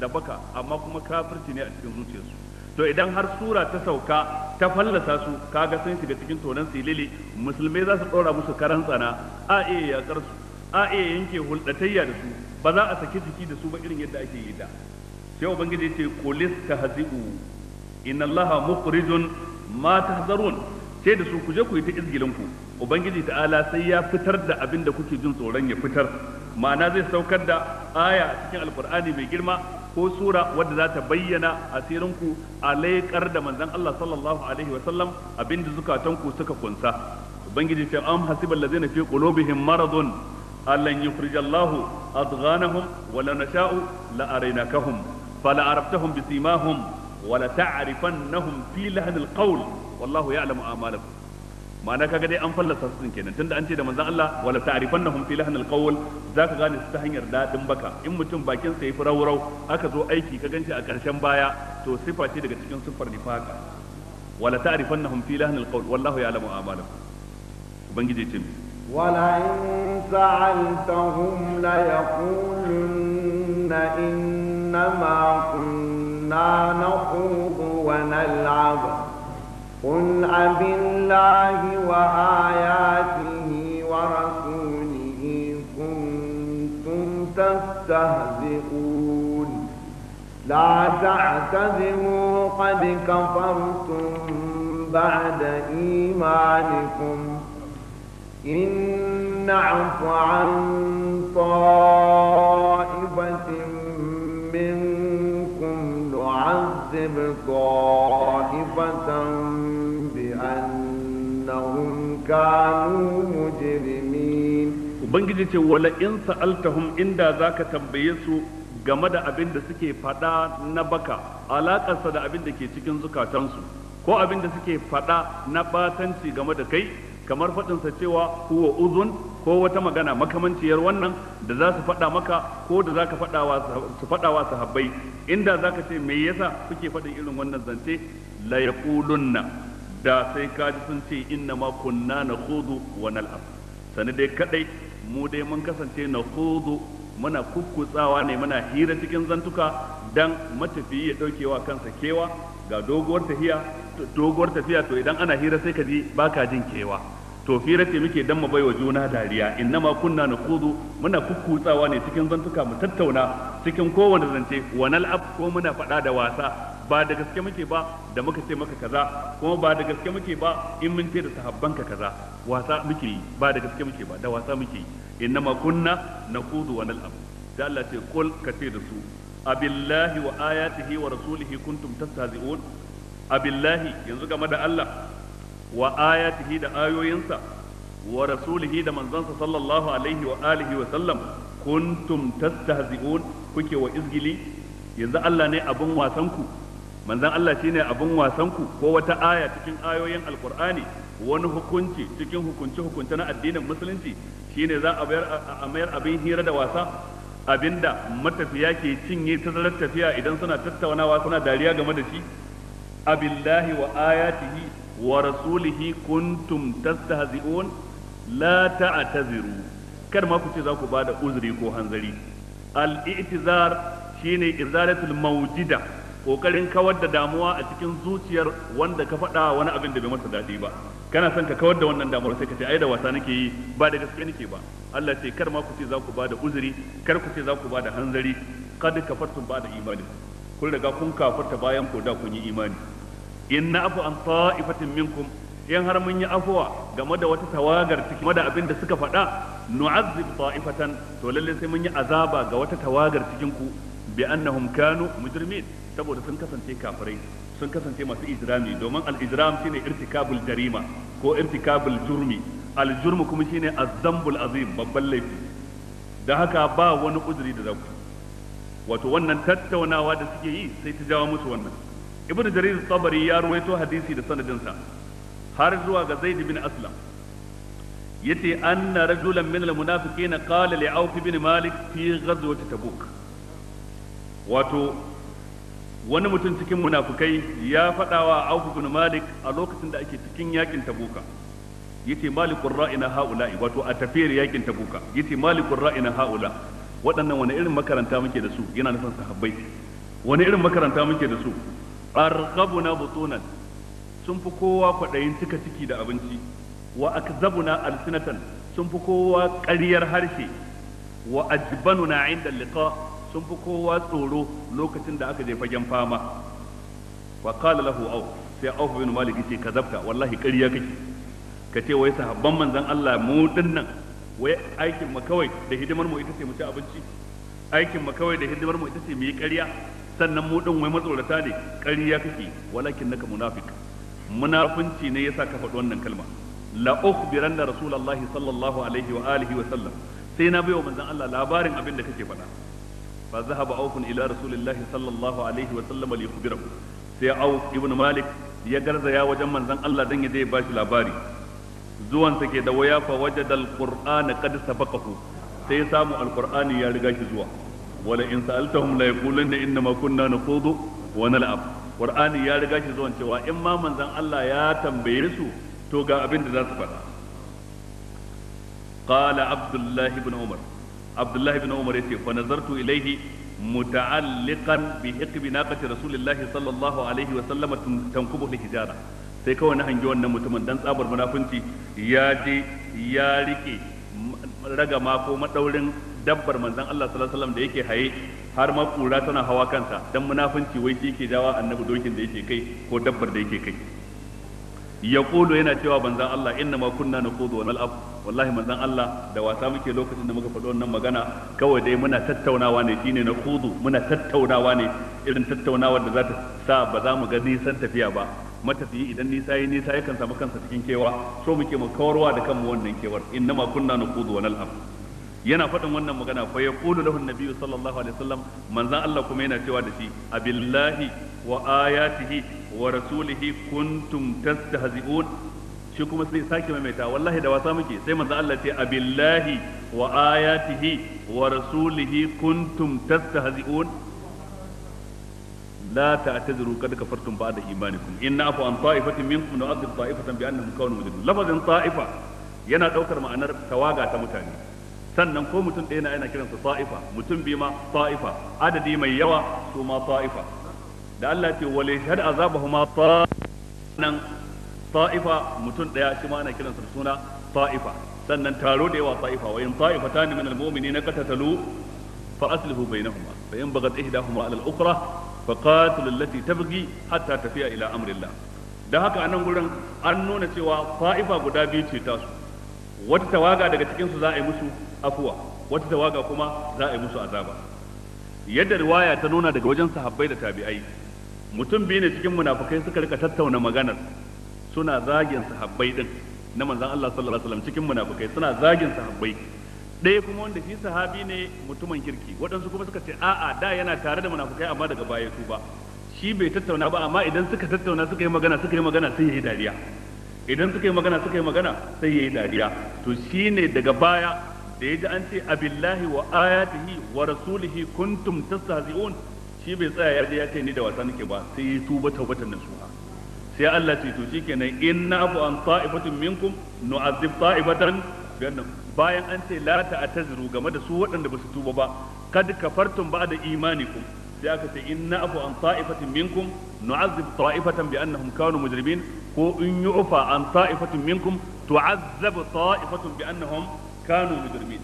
A: da baka amma kuma kafirci ne a cikin zuciyarsu to idan har sura ta sauka ta fallasa su kaga sun shiga cikin tonan silili musulmai za su ɗora musu karan tsana a iya yakar su a iya yanke hulɗatayya da su ba za a saki jiki da su ba irin yadda ake yi da sai ubangiji ce kulis ta hazi'u inna allaha mukhrijun ma tahzarun ce da su ku je ku yi ta izgilin ku ubangiji ta'ala sai ya fitar da abin da kuke jin tsoron ya fitar ma'ana zai saukar da aya a cikin alkur'ani mai girma ko sura wadda za ta bayyana asirin ku a laikar da manzon Allah sallallahu alaihi wa sallam abin da zukatan ku suka kunsa ubangiji ta am hasibal ladzina fi qulubihim maradun allan yukhrijallahu adghanahum wa la nasha'u la araynakahum fala araftahum bisimahum wa la ta'rifannahum fi lahnil qawl والله يعلم اعمالكم ما انا كاجا دي ان فلسا سن تند انتي ده منزل الله ولا تعرفنهم في لهن القول ذاك غاني ست هنير دادن بكا ان متوم باكن سي فرو رو اكا زو ايكي كاجا بايا تو صفه تي daga cikin sufar nifaka ولا تعرفنهم في لهن القول والله يعلم اعمالكم وبنجي تي ولئن
C: سألتهم ليقولن إنما كنا نخوض ونلعب قل أبالله وآياته ورسوله كنتم تستهزئون لا تعتذروا قد كفرتم بعد إيمانكم إن نعف عن طائفة منكم نعذب طائفة
A: kanu mujrimin ubangiji ce wala in sa'altahum inda zaka tambaye su game da abin da suke faɗa na baka alakarsa da abin da ke cikin zukatansu ko abin da suke faɗa na batanci game da kai kamar faɗinsa cewa huwa uzun ko wata magana makamanciyar wannan da za su faɗa maka ko da za ka su faɗawa sahabbai inda za ka ce me yasa suke faɗin irin wannan zance la yaqulunna da sai kaji sun ce inna ma kunna na khudu wa nal'ab sani dai kadai mu dai mun kasance na khudu muna kukkutsawa ne muna hira cikin zantuka dan matafiyi ya wa kansa kewa ga doguwar tafiya doguwar tafiya to idan ana hira sai ka ji baka jin kewa to hira ce muke dan mu baiwa juna dariya inna ma kunna na khudu muna kukkutsawa ne cikin zantuka mu tattauna cikin kowane zance wa nal'ab ko muna faɗa da wasa ba da gaske muke ba da muka ce maka kaza kuma ba da gaske muke ba in mun ce da sahabbanka kaza wasa muke yi ba da gaske muke ba da wasa muke yi innama kunna na naqudu wa nal'ab da Allah ce kul ka ce da su abillahi wa ayatihi wa rasulihi kuntum tattazi'un. abillahi yanzu game da Allah wa ayatihi da ayoyinsa wa rasulihi da manzansa sallallahu alaihi wa alihi wa sallam kuntum tattazi'un kuke wa izgili yanzu Allah ne abin wasanku. ku Manzan Allah shine abin wasan ku ko wata aya cikin ayoyin alkur'ani wani hukunci cikin hukunci hukunta na addinin musulunci shine za a bayar a mayar abin hira da wasa abinda matafiya ke cinye tazarar tafiya idan suna tattaunawa suna dariya game da shi abillahi wa ayatihi wa rasulihi kuntum tastahzi'un la ta'taziru kar ma ku ce za ku bada uzuri ko hanzari al-i'tizar shine izalatul mawjida kokarin kawar da damuwa a cikin zuciyar wanda ka faɗa wani abin da bai masa daɗi ba kana son ka kawar da wannan damuwar sai ka ce ai da wasa nake yi ba da gaske nake ba Allah sai kar ma ku ce za ku bada uzuri kar ku ce za ku bada hanzari kad farta ba da imani kun riga kun kafarta bayan ko da kun yi imani in afu an ta'ifatin minkum in har mun yi afuwa game da wata tawagar cikin da abin da suka faɗa nu'azzib ta'ifatan to lalle sai mun yi azaba ga wata tawagar cikin ku bi annahum kanu mujrimin saboda sun kasance kafirai sun kasance masu ijrami domin al-ijram shine irtikabul jarima ko irtikabul jurmi al'jurmi kuma shine azambul azim babban laifi da haka ba wani uzuri da zaku wato wannan tattaunawa da suke yi sai ta jawo musu wannan ibnu jarir tabari ya ruwaito hadisi da sanadinsa har zuwa ga zaid bin aslam yace anna ra min al-munafiqina na li auf bin malik fi ghazwati tabuk wato wani mutum cikin munafukai ya faɗawa Auf bin Malik a lokacin da ake cikin yakin Tabuka yace malikur ra'ina haula wato a tafiyar yakin Tabuka yace malikur ra'ina haula waɗannan wani irin makaranta muke da su yana nufin sahabbai wani irin makaranta muke da su arqabuna butunan sun fi kowa kwaɗayin cika ciki da abinci wa akzabuna alsinatan sun fi kowa ƙaryar harshe wa ajbanuna inda liqa sun fi kowa tsoro lokacin da aka je fagen fama wa qala lahu au sai auf bin malik ce kazabta wallahi ƙarya kake ka ce wai sahabban manzon Allah mu dinnan wai aikin mu kawai da hidimar mu ita ce mu ci abinci aikin mu kawai da hidimar mu ita ce mu yi ƙarya sannan mu din wai matsorata ne ƙarya kake walakin naka munafik munafunci ne yasa ka faɗi wannan kalma la ukhbiranna rasulullahi sallallahu alaihi wa alihi wa sallam sai na bayo manzon Allah labarin abin da kake faɗa fa zahaba awfun ila rasulillahi sallallahu alaihi wa sallam li sai awf ibn malik ya garzaya wajen manzon Allah dan ya je ba shi labari zuwan sa ke da waya fa wajada alqur'ana qad sabaqahu sai ya samu alqur'ani ya riga shi zuwa wala in sa'altahum la yaqulunna inna ma kunna nakhudu wa nal'ab qur'ani ya riga shi zuwan cewa in ma manzon Allah ya tambaye su to ga abin da za su faɗa qala abdullahi umar abdullahi bin umar yace fa nazartu ilaihi muta'alliqan bi hiqbi naqati rasulillahi sallallahu alaihi wa sallam tankubu hijara sai kawai na hangi wannan mutumin dan tsabar munafunci ya je ya rike raga ma ko madaurin dabbar manzon Allah sallallahu alaihi da yake haye har ma kura tana hawa kansa dan munafunci wai shi yake jawa annabi dokin da yake kai ko dabbar da yake kai yaqulu yana cewa banzan Allah inna ma kunna naqudu wal abu wallahi manzon Allah da wasa muke lokacin da muka faɗi wannan magana kawai dai muna tattaunawa ne shine na kudu muna tattaunawa ne irin tattaunawa da za ta sa ba za mu ga nisan tafiya ba matafiyi idan nisa yi nisa yakan samu kansa cikin kewa so muke mu kawarwa da kanmu wannan kewar innama kunna nuqudu wa nal'am yana faɗin wannan magana fa yaqulu lahu an-nabiyyu sallallahu alaihi wasallam manzon Allah kuma yana cewa da shi abillahi wa ayatihi wa rasulihi kuntum tastahzi'un shi kuma sai sake maimaita wallahi da wasa muke sai manzo Allah ce abillahi wa ayatihi wa rasulihi kuntum tastahzi'un la ta'tadiru kad kafartum ba'da imanikum inna afu an ta'ifatin minkum wa aqdi ta'ifatan bi annahum kanu mujrimin lafazin ta'ifa yana daukar ma'anar tawaga ta mutane sannan ko mutum ɗaya na yana kiransa ta'ifa mutum biyu ma ta'ifa adadi mai yawa su ma ta'ifa da Allah ce wale shahad azabahuma ta nan ta'ifa mutum daya shi ma ana kiransa da suna ta'ifa sannan taro da yawa ta'ifa wa in ta'ifatan min al-mu'minina qatatalu fa aslihu bainahuma fa in bagat ihdahuma ala al-ukhra fa qatilu allati tabghi hatta tafiya ila amrillah da haka anan gurin an nuna cewa fa'ifa guda biyu ce tasu wata tawaga daga cikin su za a yi musu afuwa wata tawaga kuma za a yi musu azaba yadda riwaya ta nuna daga wajen sahabbai da tabi'ai mutum biyu ne cikin munafukai suka rika tattauna maganar suna zagin sahabbai din na manzon Allah sallallahu alaihi wasallam cikin munafikai suna zagin sahabbai ɗaya kuma wanda shi sahabi ne mutumin kirki waɗansu kuma suka ce a'a da yana tare da munafukai amma daga baya su ba shi bai tattauna ba amma idan suka tattauna suka yi magana suka yi magana sai yayi dariya idan suka yi magana suka yi magana sai yayi dariya to shine daga baya da yaji an ce abillahi wa ayatihi wa rasulihi kuntum tastahzi'un shi bai tsaya ya ce ni da wasa nake ba sai ya tuba tawbatan nasuha sai Allah ce to shikenan inna abu an ta'ifatin minkum nu'azzib ta'ifatan bayan an ce la ta'tazru game da su waɗanda ba su tuba ba kad kafartum ba'da imanikum sai aka ce inna abu an ta'ifatin minkum nu'azzib ta'ifatan bi annahum kanu mujrimin ko in yu'fa an ta'ifatin minkum tu'azzab ta'ifatun bi annahum kanu mujrimin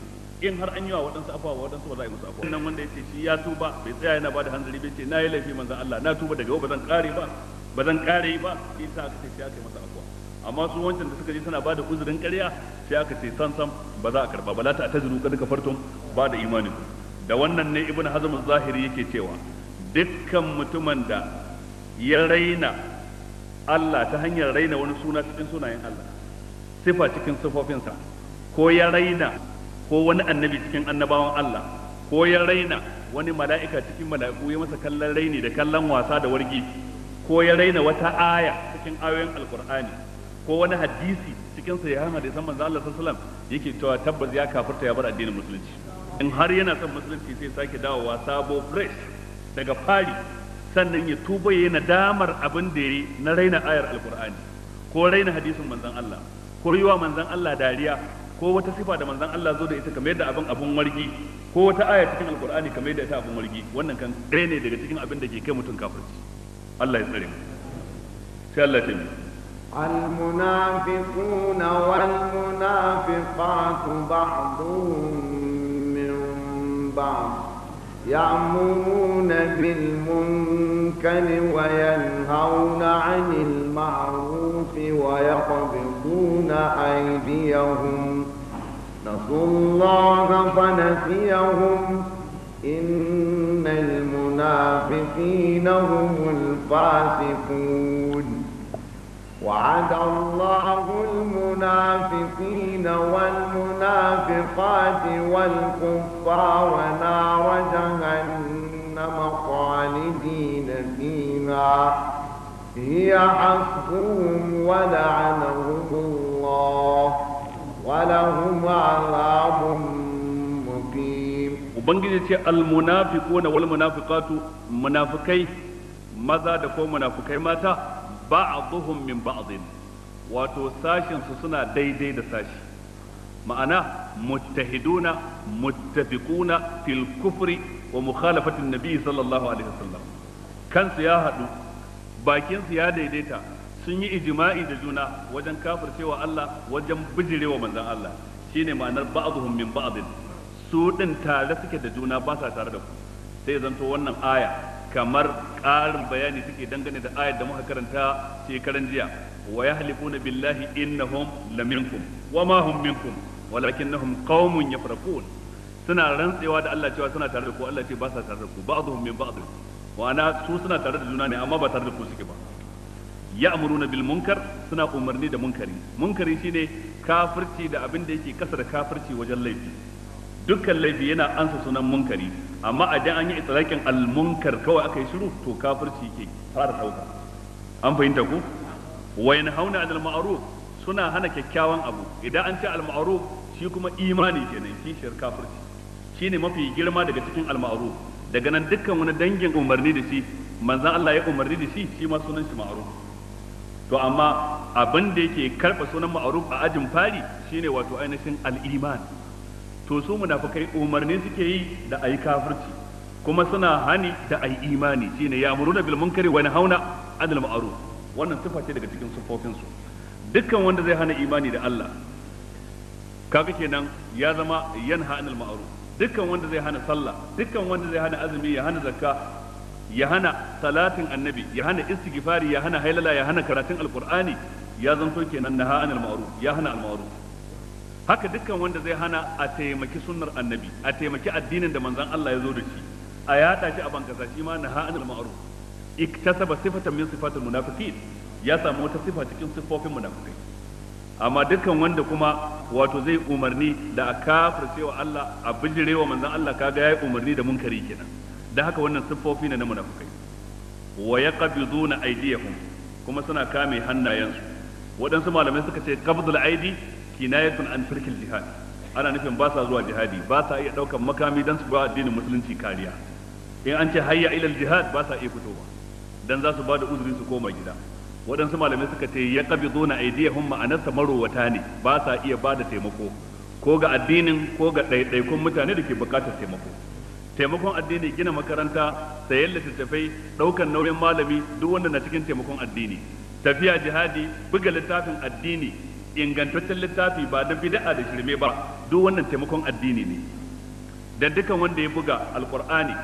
A: in har an yi wa waɗansu afawa waɗansu ba za a yi musu afawa nan wanda ya ce shi ya tuba bai tsaya yana ba da hanzari bai ce na yi laifi manzan Allah na tuba daga yau ba zan kare ba ba zan kare yi ba sai sa aka ce sai aka yi masa afwa amma su wancan da suka je suna bada uzurin ƙarya sai aka ce san san ba za a karba ba la ta tajru ka farto ba da imani da wannan ne ibn hazm zahiri yake cewa dukkan mutumin da ya raina Allah ta hanyar raina wani suna cikin sunayen Allah sifa cikin sifofinsa ko ya raina ko wani annabi cikin annabawan Allah ko ya raina wani mala'ika cikin mala'iku ya masa kallon raini da kallon wasa da wargi ko ya raina wata aya cikin ayoyin alkur'ani ko wani hadisi cikin sa ya hana da san manzo Allah sallallahu alaihi wasallam yake cewa tabbas ya kafirta ya bar addinin musulunci in har yana son musulunci sai sake dawowa sabo fresh daga fari sannan ya tuba ya nadamar abin da yayi na raina ayar alkur'ani ko raina hadisin manzon Allah ko yiwa manzon Allah dariya ko wata sifa da manzon Allah zo da ita kamar yadda abin abun wargi ko wata aya cikin alkur'ani kamar yadda ita abun wargi wannan kan ɗaya ne daga cikin abin da ke kai mutum kafirci الله ya في الله sai
C: المنافقون والمنافقات بعضهم من بعض يأمرون بالمنكر وينهون عن المعروف ويقبضون أيديهم نسوا الله فنسيهم إن المنافقين هم الفاسقون وعد الله المنافقين والمنافقات والكفار نار جهنم خالدين فيها هي حقهم
A: ولعنهم الله ولهم عذاب مقيم وبنجد المنافقون والمنافقات منافقين maza da ko munafukai mata ba'dhum min ba'dhin wato sashin su suna daidai da sashi ma'ana muttahiduna muttafiquna fil kufri wa mukhalafati nabi sallallahu alaihi wasallam kansu ya hadu bakin su ya daidaita sun yi ijma'i da juna wajen kafircewa Allah wajen bijirewa manzon Allah shine ma'anar ba'dhum min ba'dhin su din tare suke da juna ba sa tare da ku sai zanto wannan aya kamar ƙarin bayani suke dangane da ayar da muka karanta shekaran jiya wa yahlifuna billahi innahum laminkum wa ma hum minkum walakinnahum qaumun yafraqun suna rantsewa da Allah cewa suna tare da ku Allah ce ba sa tare da ku ba'dhum min ba'd wa ana su suna tare da juna ne amma ba tare da ku suke ba ya'muruna bil munkar suna umarni da munkari munkari shine kafirci da abin da yake kasa da kafirci wajen laifi dukkan laifi yana ansa sunan munkari amma a an yi itlaqin al kawai aka yi shiru to kafirci ke fara dauka an fahimta ku wa yanhauna anil ma'ruf suna hana kyakkyawan abu idan an ce al shi kuma imani kenan kishiyar kafirci shine mafi girma daga cikin al daga nan dukkan wani dangin umarni da shi manzan Allah ya umarni da shi shi ma sunan shi ma'ruf to amma abin da yake karba sunan ma'ruf a ajin fari shine wato ainihin al-iman to su munafikai umarni suke yi da ayi kafirci kuma suna hani da ayi imani shine ya'muruna bil munkari wa yanhauna 'anil ma'ruf wannan sifa ce daga cikin sufofin su dukkan wanda zai hana imani da Allah kaga kenan ya zama yanha 'anil ma'ruf dukkan wanda zai hana sallah dukkan wanda zai hana azumi ya hana zakka ya hana salatin annabi ya hana istighfari ya hana hailala ya hana karatun alqur'ani ya zanto kenan naha anil ma'ruf ya hana al ma'ruf haka dukkan wanda zai hana a taimaki sunnar annabi a taimaki addinin da manzon Allah ya zo da shi a yada shi a bankasa shi ma naha anil ma'ruf iktasaba sifatan min sifatil munafiqin ya samu wata sifa cikin sifofin munafikai amma dukkan wanda kuma wato zai umarni da a cewa Allah a bijirewa manzon Allah kaga yayi umarni da munkari kenan da haka wannan sifofi ne na munafikai wa yaqbiduna aydiyahum kuma suna kame hannayensu waɗansu malamai suka ce qabdul aidi kinayatun an tarkil jihad ana nufin ba sa zuwa jihadi ba sa iya daukan makami dan su ba addinin musulunci kariya in an ce hayya ilal jihad ba sa iya fitowa dan za su ba da uzuri su koma gida waɗansu malamai suka ce ya qabidu na hun ma'anarsa marowata ne ba sa iya ba da taimako ko ga addinin ko ga ɗaiɗaikun mutane da ke buƙatar taimako taimakon addini gina makaranta sayan littattafai ɗaukan nauyin malami duk wanda na cikin taimakon addini tafiya jihadi buga littafin addini ingantaccen littafi ba da bid'a da shirme ba duk wannan taimakon addini ne da dukan wanda ya buga alkur'ani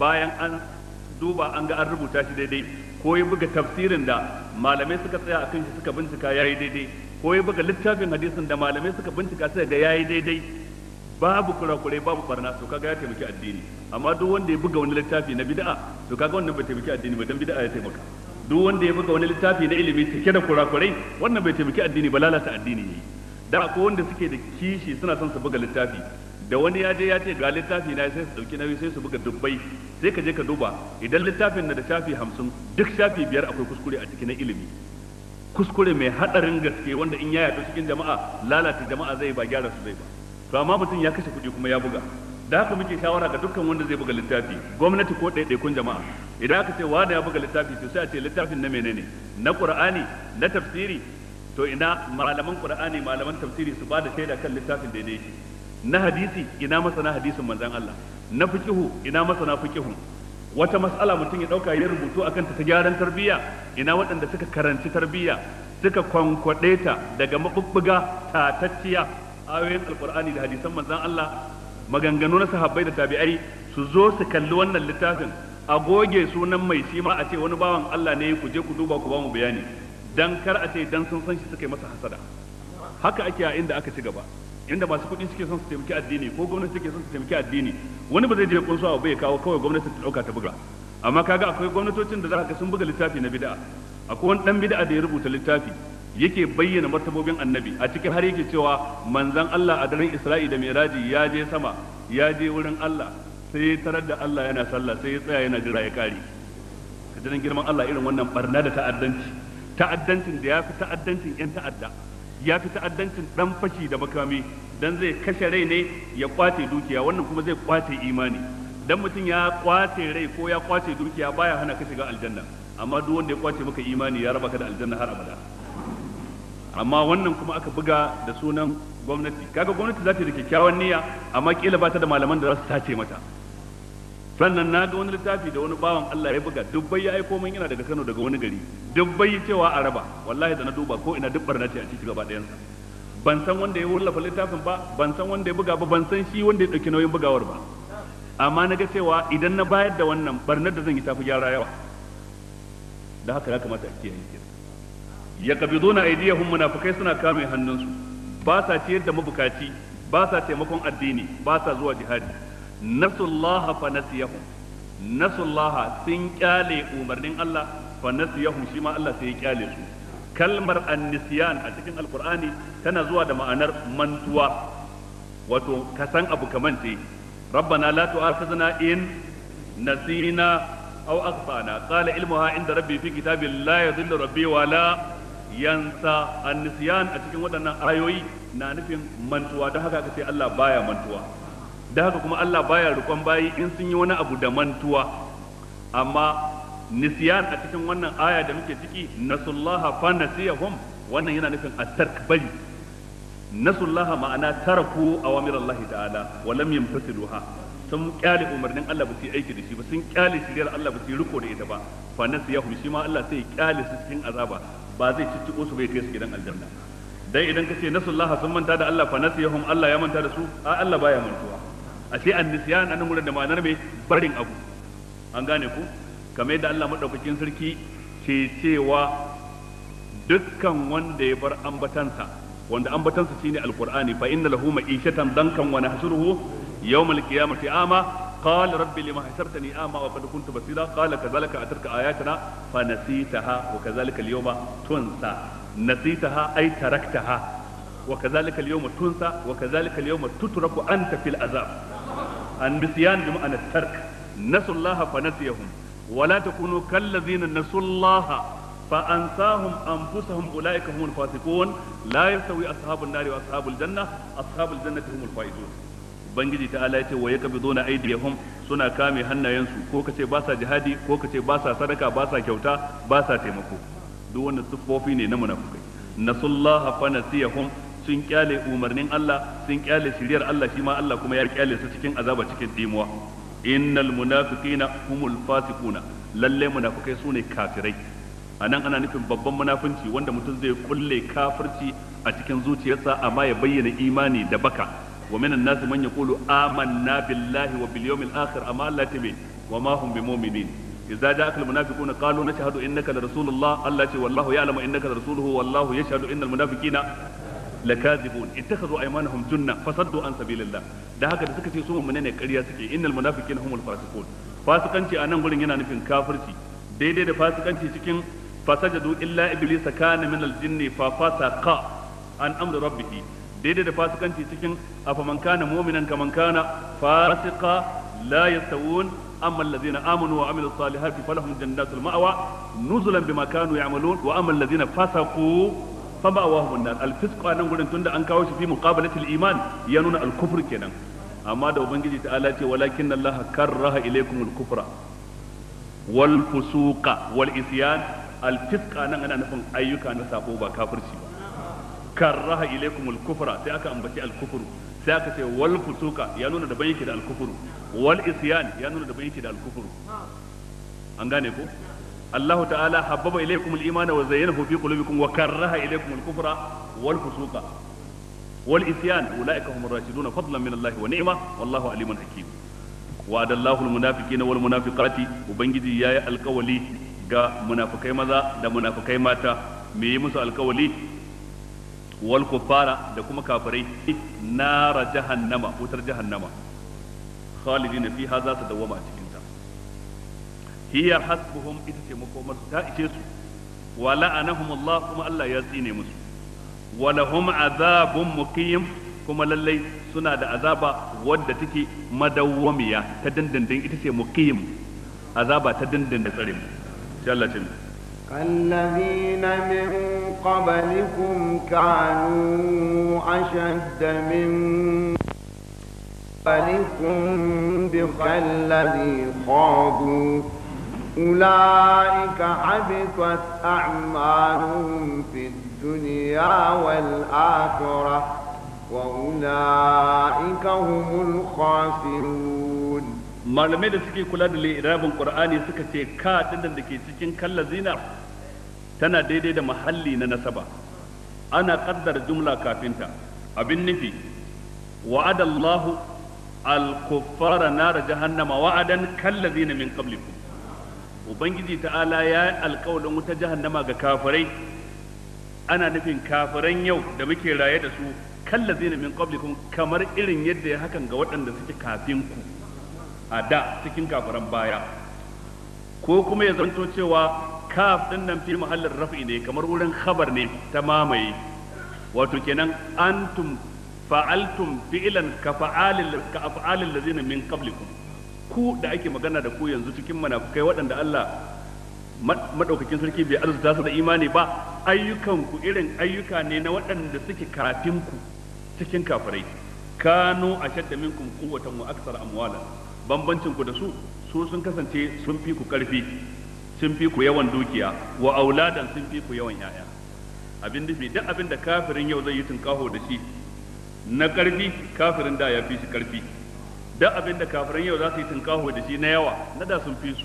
A: bayan an duba an ga an rubuta shi daidai ko ya buga tafsirin da malamai suka tsaya akan shi suka bincika ya yi daidai ko ya buga littafin hadisin da malamai suka bincika suka ga yi daidai babu kurakure babu barna to kaga ya taimaki addini amma duk wanda ya buga wani littafi na bid'a to kaga wannan bai taimaki addini ba dan bid'a ya taimaka duk wanda ya buga wani littafi na ilimi cike da kurakurai wannan bai taimaki addini ba lalata addini ne da akwai wanda suke da kishi suna son su buga littafi da wani ya je ya ce ga littafi na sai su dauki nauyi sai su buga dubbai sai ka je ka duba idan littafin na da shafi hamsin duk shafi biyar akwai kuskure a cikin ilimi kuskure mai hadarin gaske wanda in ya yaɗu cikin jama'a lalata jama'a zai ba gyara su zai ba to amma mutum ya kashe kuɗi kuma ya buga da haka muke shawara ga dukkan wanda zai buga littafi gwamnati ko ɗaiɗaikun jama'a idan aka ce wani ya buga littafi to sai a ce littafin na menene na qur'ani na tafsiri to ina malaman qur'ani malaman tafsiri su bada shaida kan littafin daidai yake na hadisi ina masana hadisin manzon Allah na fiqhu ina masana fiqhu wata mas'ala mutum ya dauka ya rubutu akan ta gyaran tarbiyya ina waɗanda suka karanci tarbiyya suka kwankwade ta daga mabubbuga tatacciya ayoyin alqur'ani da hadisan manzon Allah maganganu na sahabbai da tabi'ai su zo su kalli wannan littafin a goge sunan mai shi a ce wani bawan Allah ne ku je ku duba ku ba mu bayani dan kar a ce dan sun san shi suka yi masa hasada haka ake a inda aka ci gaba inda masu kuɗi suke son su taimaki addini ko gwamnati suke son su taimaki addini wani ba zai je kunsu ba bai kawo kawai gwamnati ta dauka ta buga amma kaga akwai gwamnatocin da za sun buga littafi na bid'a akwai wani dan bid'a da ya rubuta littafi yake bayyana martabobin annabi a cikin har yake cewa manzon Allah a daren Isra'i da Miraji ya je sama ya je wurin Allah sai ya tarar da Allah yana sallah sai ya tsaya yana jira ya kare ka jiran girman Allah irin wannan barna da ta'addanci ta'addancin da ya fi ta'addancin yan ta'adda ya fi ta'addancin dan fashi da makami dan zai kashe rai ne ya kwace dukiya wannan kuma zai kwace imani dan mutum ya kwace rai ko ya kwace dukiya baya hana ka shiga aljanna amma duk wanda ya kwace maka imani ya raba ka da aljanna har abada amma wannan kuma aka buga da sunan gwamnati kaga gwamnati za ta yi da kyakkyawan niyya amma kila ba ta da malaman da za su tace mata sannan na ga wani littafi da wani bawan Allah ya buga dubbai ya aiko min yana daga Kano daga wani gari dubbai cewa a raba wallahi da na duba ko ina dubbar na ce a ciki gaba ɗayan ban san wanda ya wallafa littafin ba ban san wanda ya buga ba ban san shi wanda ya dauki nauyin bugawar ba amma na ga cewa idan na bayar da wannan barnar da zan yi tafi gyara yawa da haka ya kamata a kiyaye kira ya kabiduna aidiyahum munafukai suna kame hannunsu ba sa ciyar da mabukaci ba sa taimakon addini ba sa zuwa jihadi nasullaha fa sun kyale umarnin Allah fa nasiyahum shi ma Allah sai ya kyale su kalmar annisyan a cikin alqur'ani tana zuwa da ma'anar mantuwa wato ka san abu kamance rabbana la tu'akhizna in nasina aw akhtana qala ilmuha inda rabbi fi kitabin la yadhillu rabbi wa la yansa annisyan a cikin waɗannan ayoyi na nufin mantuwa don haka ka ce Allah baya mantuwa da haka kuma Allah baya rukon bayi in sun yi wani abu da mantuwa amma nisyan a cikin wannan aya da muke ciki nasullaha fa nasiyahum wannan yana nufin at-tark bari nasullaha ma'ana taraku awamir Allah ta'ala wa lam yamtasiluha sun kyale umarnin Allah ba su yi aiki da shi ba sun kyale shiriyar Allah ba su yi riko da ita ba fa nasiyahum shi ma Allah sai ya kyale su cikin azaba ba zai cicciko su bai kai su gidan aljanna dai idan kace nasullaha sun manta da Allah fa nasiyahum Allah ya manta da su a Allah baya mantuwa a ce an nisyan anan wurin da manar mai barin abu an gane ku kamar yadda Allah madaukakin sarki ce cewa dukkan wanda ya bar ambatansa wanda ambatansa shine alqur'ani fa inna lahu ma'ishatan dankan wa nahsuruhu yawmal qiyamati ama قال رب لما حشرتني أعمى وقد كنت بصيرا قال كذلك أترك آياتنا فنسيتها وكذلك اليوم تنسى نسيتها أي تركتها وكذلك اليوم تنسى وكذلك اليوم تترك أنت في العذاب an nisyan bi ma'ana tark nasullaha fa nasiyahum wala takunu kallazina nasullaha fa ansahum anfusahum ulaika humul fasiqun la yastawi ashabun nari wa ashabul janna ashabul jannati humul faizun ubangiji ta ala yace wa yakbiduna aydihum suna kame hannayensu ko kace ba sa jihadi ko kace ba sa sadaka ba sa kyauta ba sa taimako duk wannan sufofi ne na munafikai nasullaha fa nasiyahum sun kyale umarnin Allah sun kyale shiriyar Allah shi ma Allah kuma ya kyale su cikin azaba cikin dimuwa innal munafiqina humul fasiquna lalle munafikai sune kafirai anan ana nufin babban munafunci wanda mutum zai kulle kafirci a cikin zuciyarsa amma ya bayyana imani da baka wa minan nasu man yaqulu amanna billahi wa bil yawmil akhir amma la tabi wa ma hum bimu'minin idza ja'aka al munafiquna qalu nashhadu innaka la rasulullah Allah ce wallahu ya'lamu innaka la rasuluhu wallahu yashhadu innal munafiqina lakazibun ittakhadhu aymanahum junna fasaddu an sabilillah da haka da suka ce su mu'mine ne ƙarya suke innal munafiqina humul fasiqun fasikanci a nan gurin yana nufin kafirci daidai da fasikanci cikin fasajadu illa iblis kana min aljinni fa fasaqa an amri rabbih daidai da fasikanci cikin afaman kana mu'minan kaman kana fasiqa la yastawun amma alladhina amanu wa amilus salihati falahum jannatul ma'wa nuzulan bima kanu ya'malun wa amma alladhina fasaqu fa ba wa hum nar nan gurin tunda an kawo shi fi muqabalatil iman ya nuna al kenan amma da ubangiji ta ala ce walakin Allah karraha ilaykum al wal fusuqa wal isyan al nan ana nufin ayyuka na sako ba kafirci ba karraha ilaykum al kufra sai aka ambaci al sai aka ce wal fusuqa ya nuna daban yake da al wal isyan ya nuna daban yake da al an gane ko الله تعالى حبب إليكم الإيمان وزينه في قلوبكم وكره إليكم الكفر والفسوق والإسيان أولئك هم الراشدون فضلا من الله ونعمة والله عليم حكيم وعد الله المنافقين والمنافقات وبنجدي يا القولي ga munafukai ماذا دا munafukai ماتا me yi musu alkawali wal kuffara da kuma جهنم nara jahannama wutar jahannama khalidina fiha هي حسبهم إتتمكم التأكس ولعنهم الله كما الله يزيني مسلم ولهم عذاب مقيم كما للي سنة عذاب ودتك مدومية تدندن دين مقيم عذاب تدندن سليم شاء الذين
C: من قبلكم كانوا أشد من قبلكم بخلذي خاضوا أولئك حبطت أعمالهم في الدنيا
A: والآخرة وأولئك هم الخاسرون malamai da suke kula da lirabin qur'ani suka ce ka din da ke cikin kallazina tana daidai da mahalli na nasaba ana kaddar jumla kafinta abin nufi wa'adallahu al-kuffara nar jahannama wa'adan kallazina min qablikum ubangiji ta'ala ya yi alkawalin wuta jahannama ga kafirai ana nufin kafiran yau da muke raye da su kan min qablikum kamar irin yadda ya hakan ga waɗanda suke kafin ku a da cikin kafiran baya ko kuma ya zanto cewa kaf din nan fi mahallin rafi ne kamar wurin khabar ne ta mamaye wato kenan antum fa'altum fi'lan ka fa'alil ka af'alil min qablikum ku da ake magana da ku yanzu cikin munafukai waɗanda Allah madaukakin sarki bai azurta su da imani ba ayyukanku irin ayyuka ne na waɗanda suke karatunku cikin kafirai kano a shadda minkum kuwatan mu aksar amwala bambancin ku da su su sun kasance sun fi ku karfi sun fi ku yawan dukiya wa auladan sun fi ku yawan yaya abin nufi duk abin da kafirin yau zai yi tunkaho da shi na karfi kafirin da ya fi shi karfi duk abin da kafiran yau za su yi tunkaho da shi na yawa na da sun fi su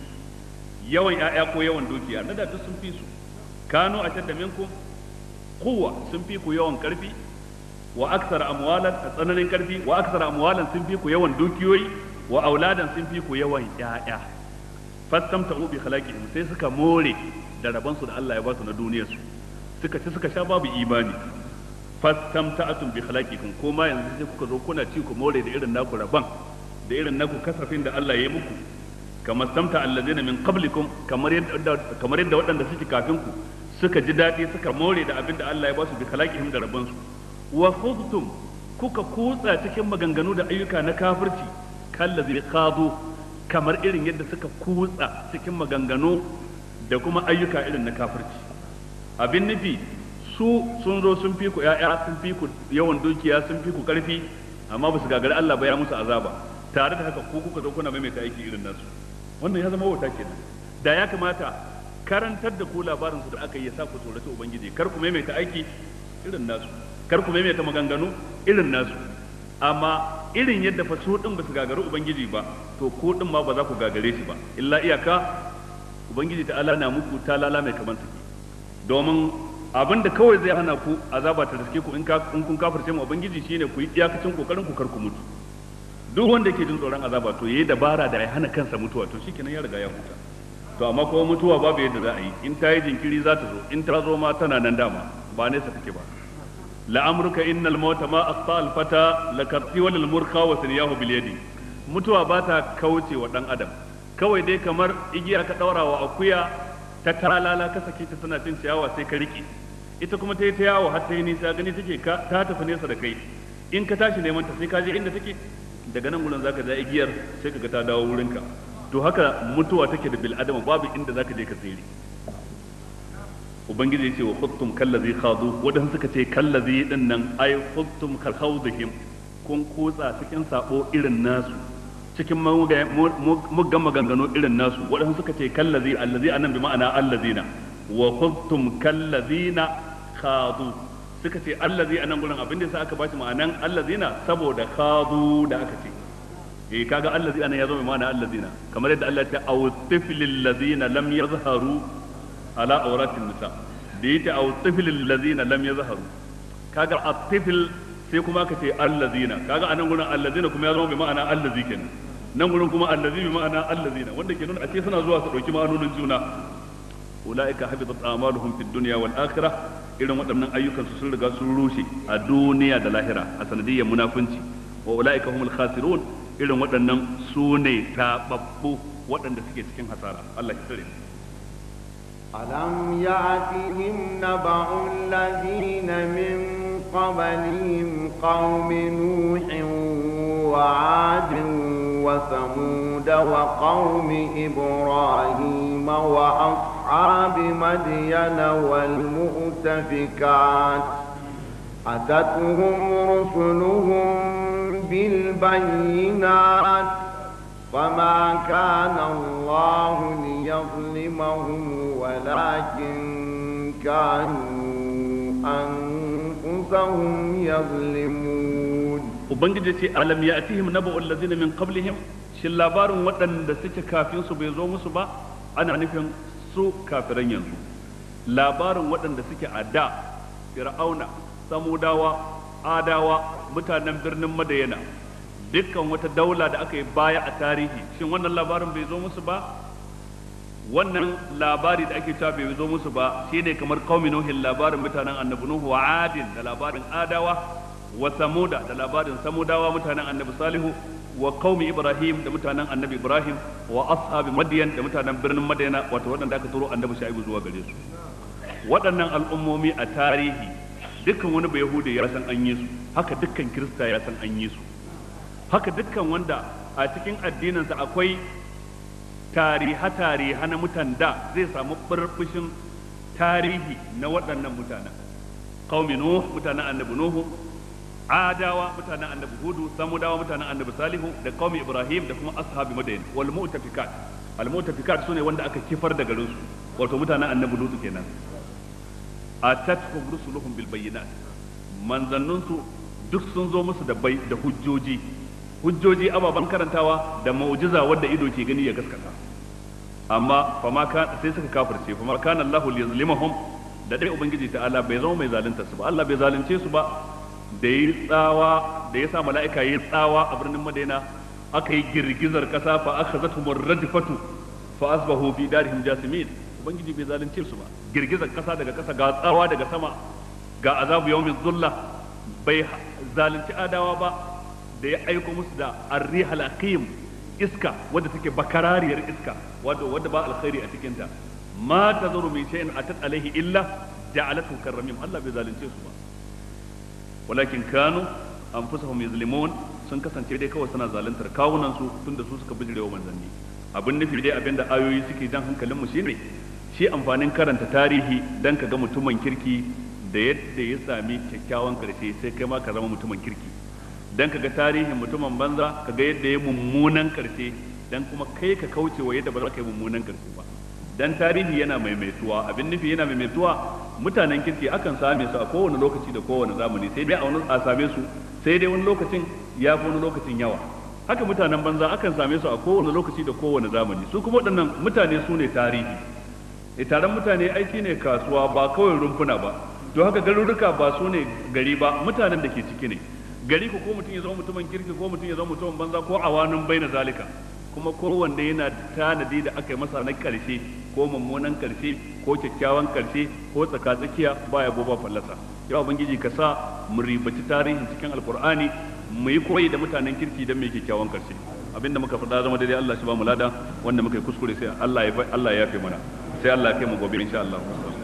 A: yawan ƴaƴa ko yawan dukiya na da duk sun fi su kanu ashadda minkum kowa sun fi ku yawan karfi wa aksar amwalan a tsananin karfi wa aksar amwalan sun fi ku yawan dukiyoyi wa auladan sun fi ku yawan ƴaƴa fastamta'u bi khalaqihim sai suka more da rabansu da Allah ya ba su na duniyar su suka ci suka sha babu imani fastamta'atum bi khalaqikum kuma yanzu sai kuka zo kuna ci ku more da irin naku rabon da irin naku kasafin da Allah ya muku kamar samta allazina min qablikum kamar yadda kamar yadda waɗanda suke kafin ku suka ji daɗi suka more da abin da Allah ya ba su bi kalakihim da rabban su wa khudtum kuka kutsa cikin maganganu da ayyuka na kafirci kallazi khadu kamar irin yadda suka kutsa cikin maganganu da kuma ayyuka irin na kafirci abin nufi su sun zo sun fi ku ya'ya sun fi ku yawan dukiya sun fi ku karfi amma ba su gagari Allah ba ya musu azaba tare da haka ku kuka zo kuna maimaita aiki irin nasu wannan ya zama wata kenan da ya kamata karantar da ku labarin su da aka yi ya sa ku tsorata ubangiji kar ku maimaita aiki irin nasu kar ku maimaita maganganu irin nasu amma irin yadda fa su din basu gagari ubangiji ba to ko din ma ba za ku gagare shi ba illa iyaka ubangiji ta ala na muku ta lala mai kaman take domin abin da kawai zai hana ku azaba ta riske ku in kun kafirce mu ubangiji shine ku yi iyakacin kokarin ku kar ku mutu duk wanda ke jin tsoron azaba to yayi dabara da ya hana kansa mutuwa to shikenan ya riga ya huta to amma kuma mutuwa babu yadda za a yi in ta yi jinkiri za ta zo in ta zo ma tana nan dama ba nesa take ba la'amruka innal mauta ma fata lakarti wal murkha wa sanyahu bil yadi mutuwa ba ta kauce wa dan adam kawai dai kamar igiya ka daura wa akuya ta taralala ka sake ta tana cin ciyawa sai ka rike ita kuma ta yi ta yawo har ta yi nisa gani take ka ta tafi nesa da kai in ka tashi neman ta sai ka je inda take daga nan wurin zaka ja igiyar sai kaga ta dawo wurinka to haka mutuwa take da bil adama babu inda zaka je ka tsere ubangiji yace wa khuttum kallazi khadu wadan suka ce kallazi din nan ai khuttum kal khawdihim kun kotsa cikin sabo irin nasu cikin muggan maganganu irin nasu wadan suka ce kallazi allazi anan bi ma'ana allazina wa khuttum kallazina khadu suka ce allazi anan gurin abin da yasa aka bashi ma'anan allazina saboda khadu da aka ce eh kaga allazi anan ya zo mai ma'ana allazina kamar yadda Allah ya ce aw tiflil ladzina lam yazharu ala awratin nisa da yace aw tiflil ladzina lam yazharu kaga at-tifl sai kuma aka ce allazina kaga anan gurin allazina kuma ya zo mai ma'ana allazi kenan nan gurin kuma allazi bi ma'ana allazina wanda ke nuna ashe suna zuwa su dauki ma'anonin juna ulaika habitat a'maluhum fid dunya wal akhirah irin waɗannan ayyukan su sun riga sun rushe a duniya da lahira a sanadiyyar munafunci wa ulaika humul khasirun irin waɗannan su ne tababbu waɗanda suke cikin hasara Allah ya tsare
C: ألم يأتهم نبأ الذين من wa قوم wa وعاد wa qaumi ibrahim wa أصحاب مدين والمؤتفكات أتتهم رسلهم بالبينات فما كان الله ليظلمهم ولكن كانوا أنفسهم
A: يظلمون وبنجد ألم يأتيهم نبؤ الذين من قبلهم شلابار ودن دستك suke صبي su صبا zo musu su kafiran yanzu labarin waɗanda suke a da fir'auna samudawa adawa mutanen birnin madayana dukkan wata daula da aka yi baya a tarihi shin wannan labarin bai zo musu ba wannan labari da ake cewa bai zo musu ba shine kamar qaumi nuhin labarin mutanen annabi nuhu wa adin da labarin adawa wa samuda da labarin samudawa mutanen annabi salihu wa qaumi ibrahim da mutanen annabi ibrahim wa ashabi madyan da mutanen birnin madina wato waɗanda aka turo annabi shaibu zuwa gare su waɗannan al'ummomi a tarihi dukkan wani bai yahudi ya san an yi su haka dukkan kirista ya san an yi su haka dukkan wanda a cikin addininsa akwai tariha tariha na mutan da zai samu burbushin tarihi na waɗannan mutanen qaumi nuh mutanen annabi nuhu adawa mutanen annabi hudu dawa mutanen annabi salihu da qaumi ibrahim da kuma ashabi madain wal mu'tafikat al mu'tafikat sune wanda aka kifar da garin su wato mutanen annabi lutu kenan atatkum rusuluhum bil bayyinat manzannun su duk sun zo musu da bai da hujjoji hujjoji ababan karantawa da mu'jiza wanda ido ke gani ya gaskata amma fama sai suka kafirce fama kana Allahu liyazlimahum da dai ubangiji ta'ala bai zama mai zalunta su ba Allah bai zalunce su ba da yi tsawa da ya sa mala'ika ya yi tsawa a birnin madaina aka yi girgizar kasa fa aka zata fatu fa asbahu fi darihim jasimin ubangiji bai zalunce su ba girgizar kasa daga kasa ga tsawa daga sama ga azabu yawmin zulla bai zalunci adawa ba da ya aiko musu da arrihal aqim iska wadda take bakarariyar iska wadda wadda ba alkhairi a cikin ta ma tazaru min shay'in atat alaihi illa ja'alathu karramim Allah bai zalunce su ba walakin kanu anfusahum yuzlimun sun kasance dai kawai suna zaluntar kawunan su tunda su suka bijirewa manzanni abin nufi dai abinda ayoyi suke jan hankalin mu shine shi amfanin karanta tarihi dan ka ga mutumin kirki da yadda ya sami kyakkyawan karshe sai kai ma ka zama mutumin kirki dan ka ga tarihin mutumin banza ka ga yadda ya mummunan karshe dan kuma kai ka kauce wa yadda ba za ka yi mummunan karshe ba dan tarihi yana maimaituwa abin nufi yana maimaituwa mutanen kirki akan same su a kowane lokaci da kowane zamani sai dai a same su sai dai wani lokacin ya fi wani lokacin yawa haka mutanen banza akan same su a kowane lokaci da kowane zamani su kuma waɗannan mutane su ne tarihi e taron mutane aiki ne kasuwa ba kawai rumfuna ba to haka garuruka ba su ne gari ba mutanen da ke ciki ne gari ko mutum ya zama mutumin kirki ko mutum ya zama mutumin banza ko awanin bai na zalika kuma kowanne yana tanadi da aka yi masa na karshe ko mummunan karshe ko kyakkyawan karshe ko tsaka tsakatsakiya baya goba fallasa yau bangiji ka sa mu ribaci tarihin cikin alkur'ani mu yi koyi da mutanen kirki don mai kyakkyawan karshe abinda muka faɗa zama daidai Allah shi ba mu lada wanda muka yi kuskure sai Allah ya Allah mana sai Allah ya kai mu gobe insha Allah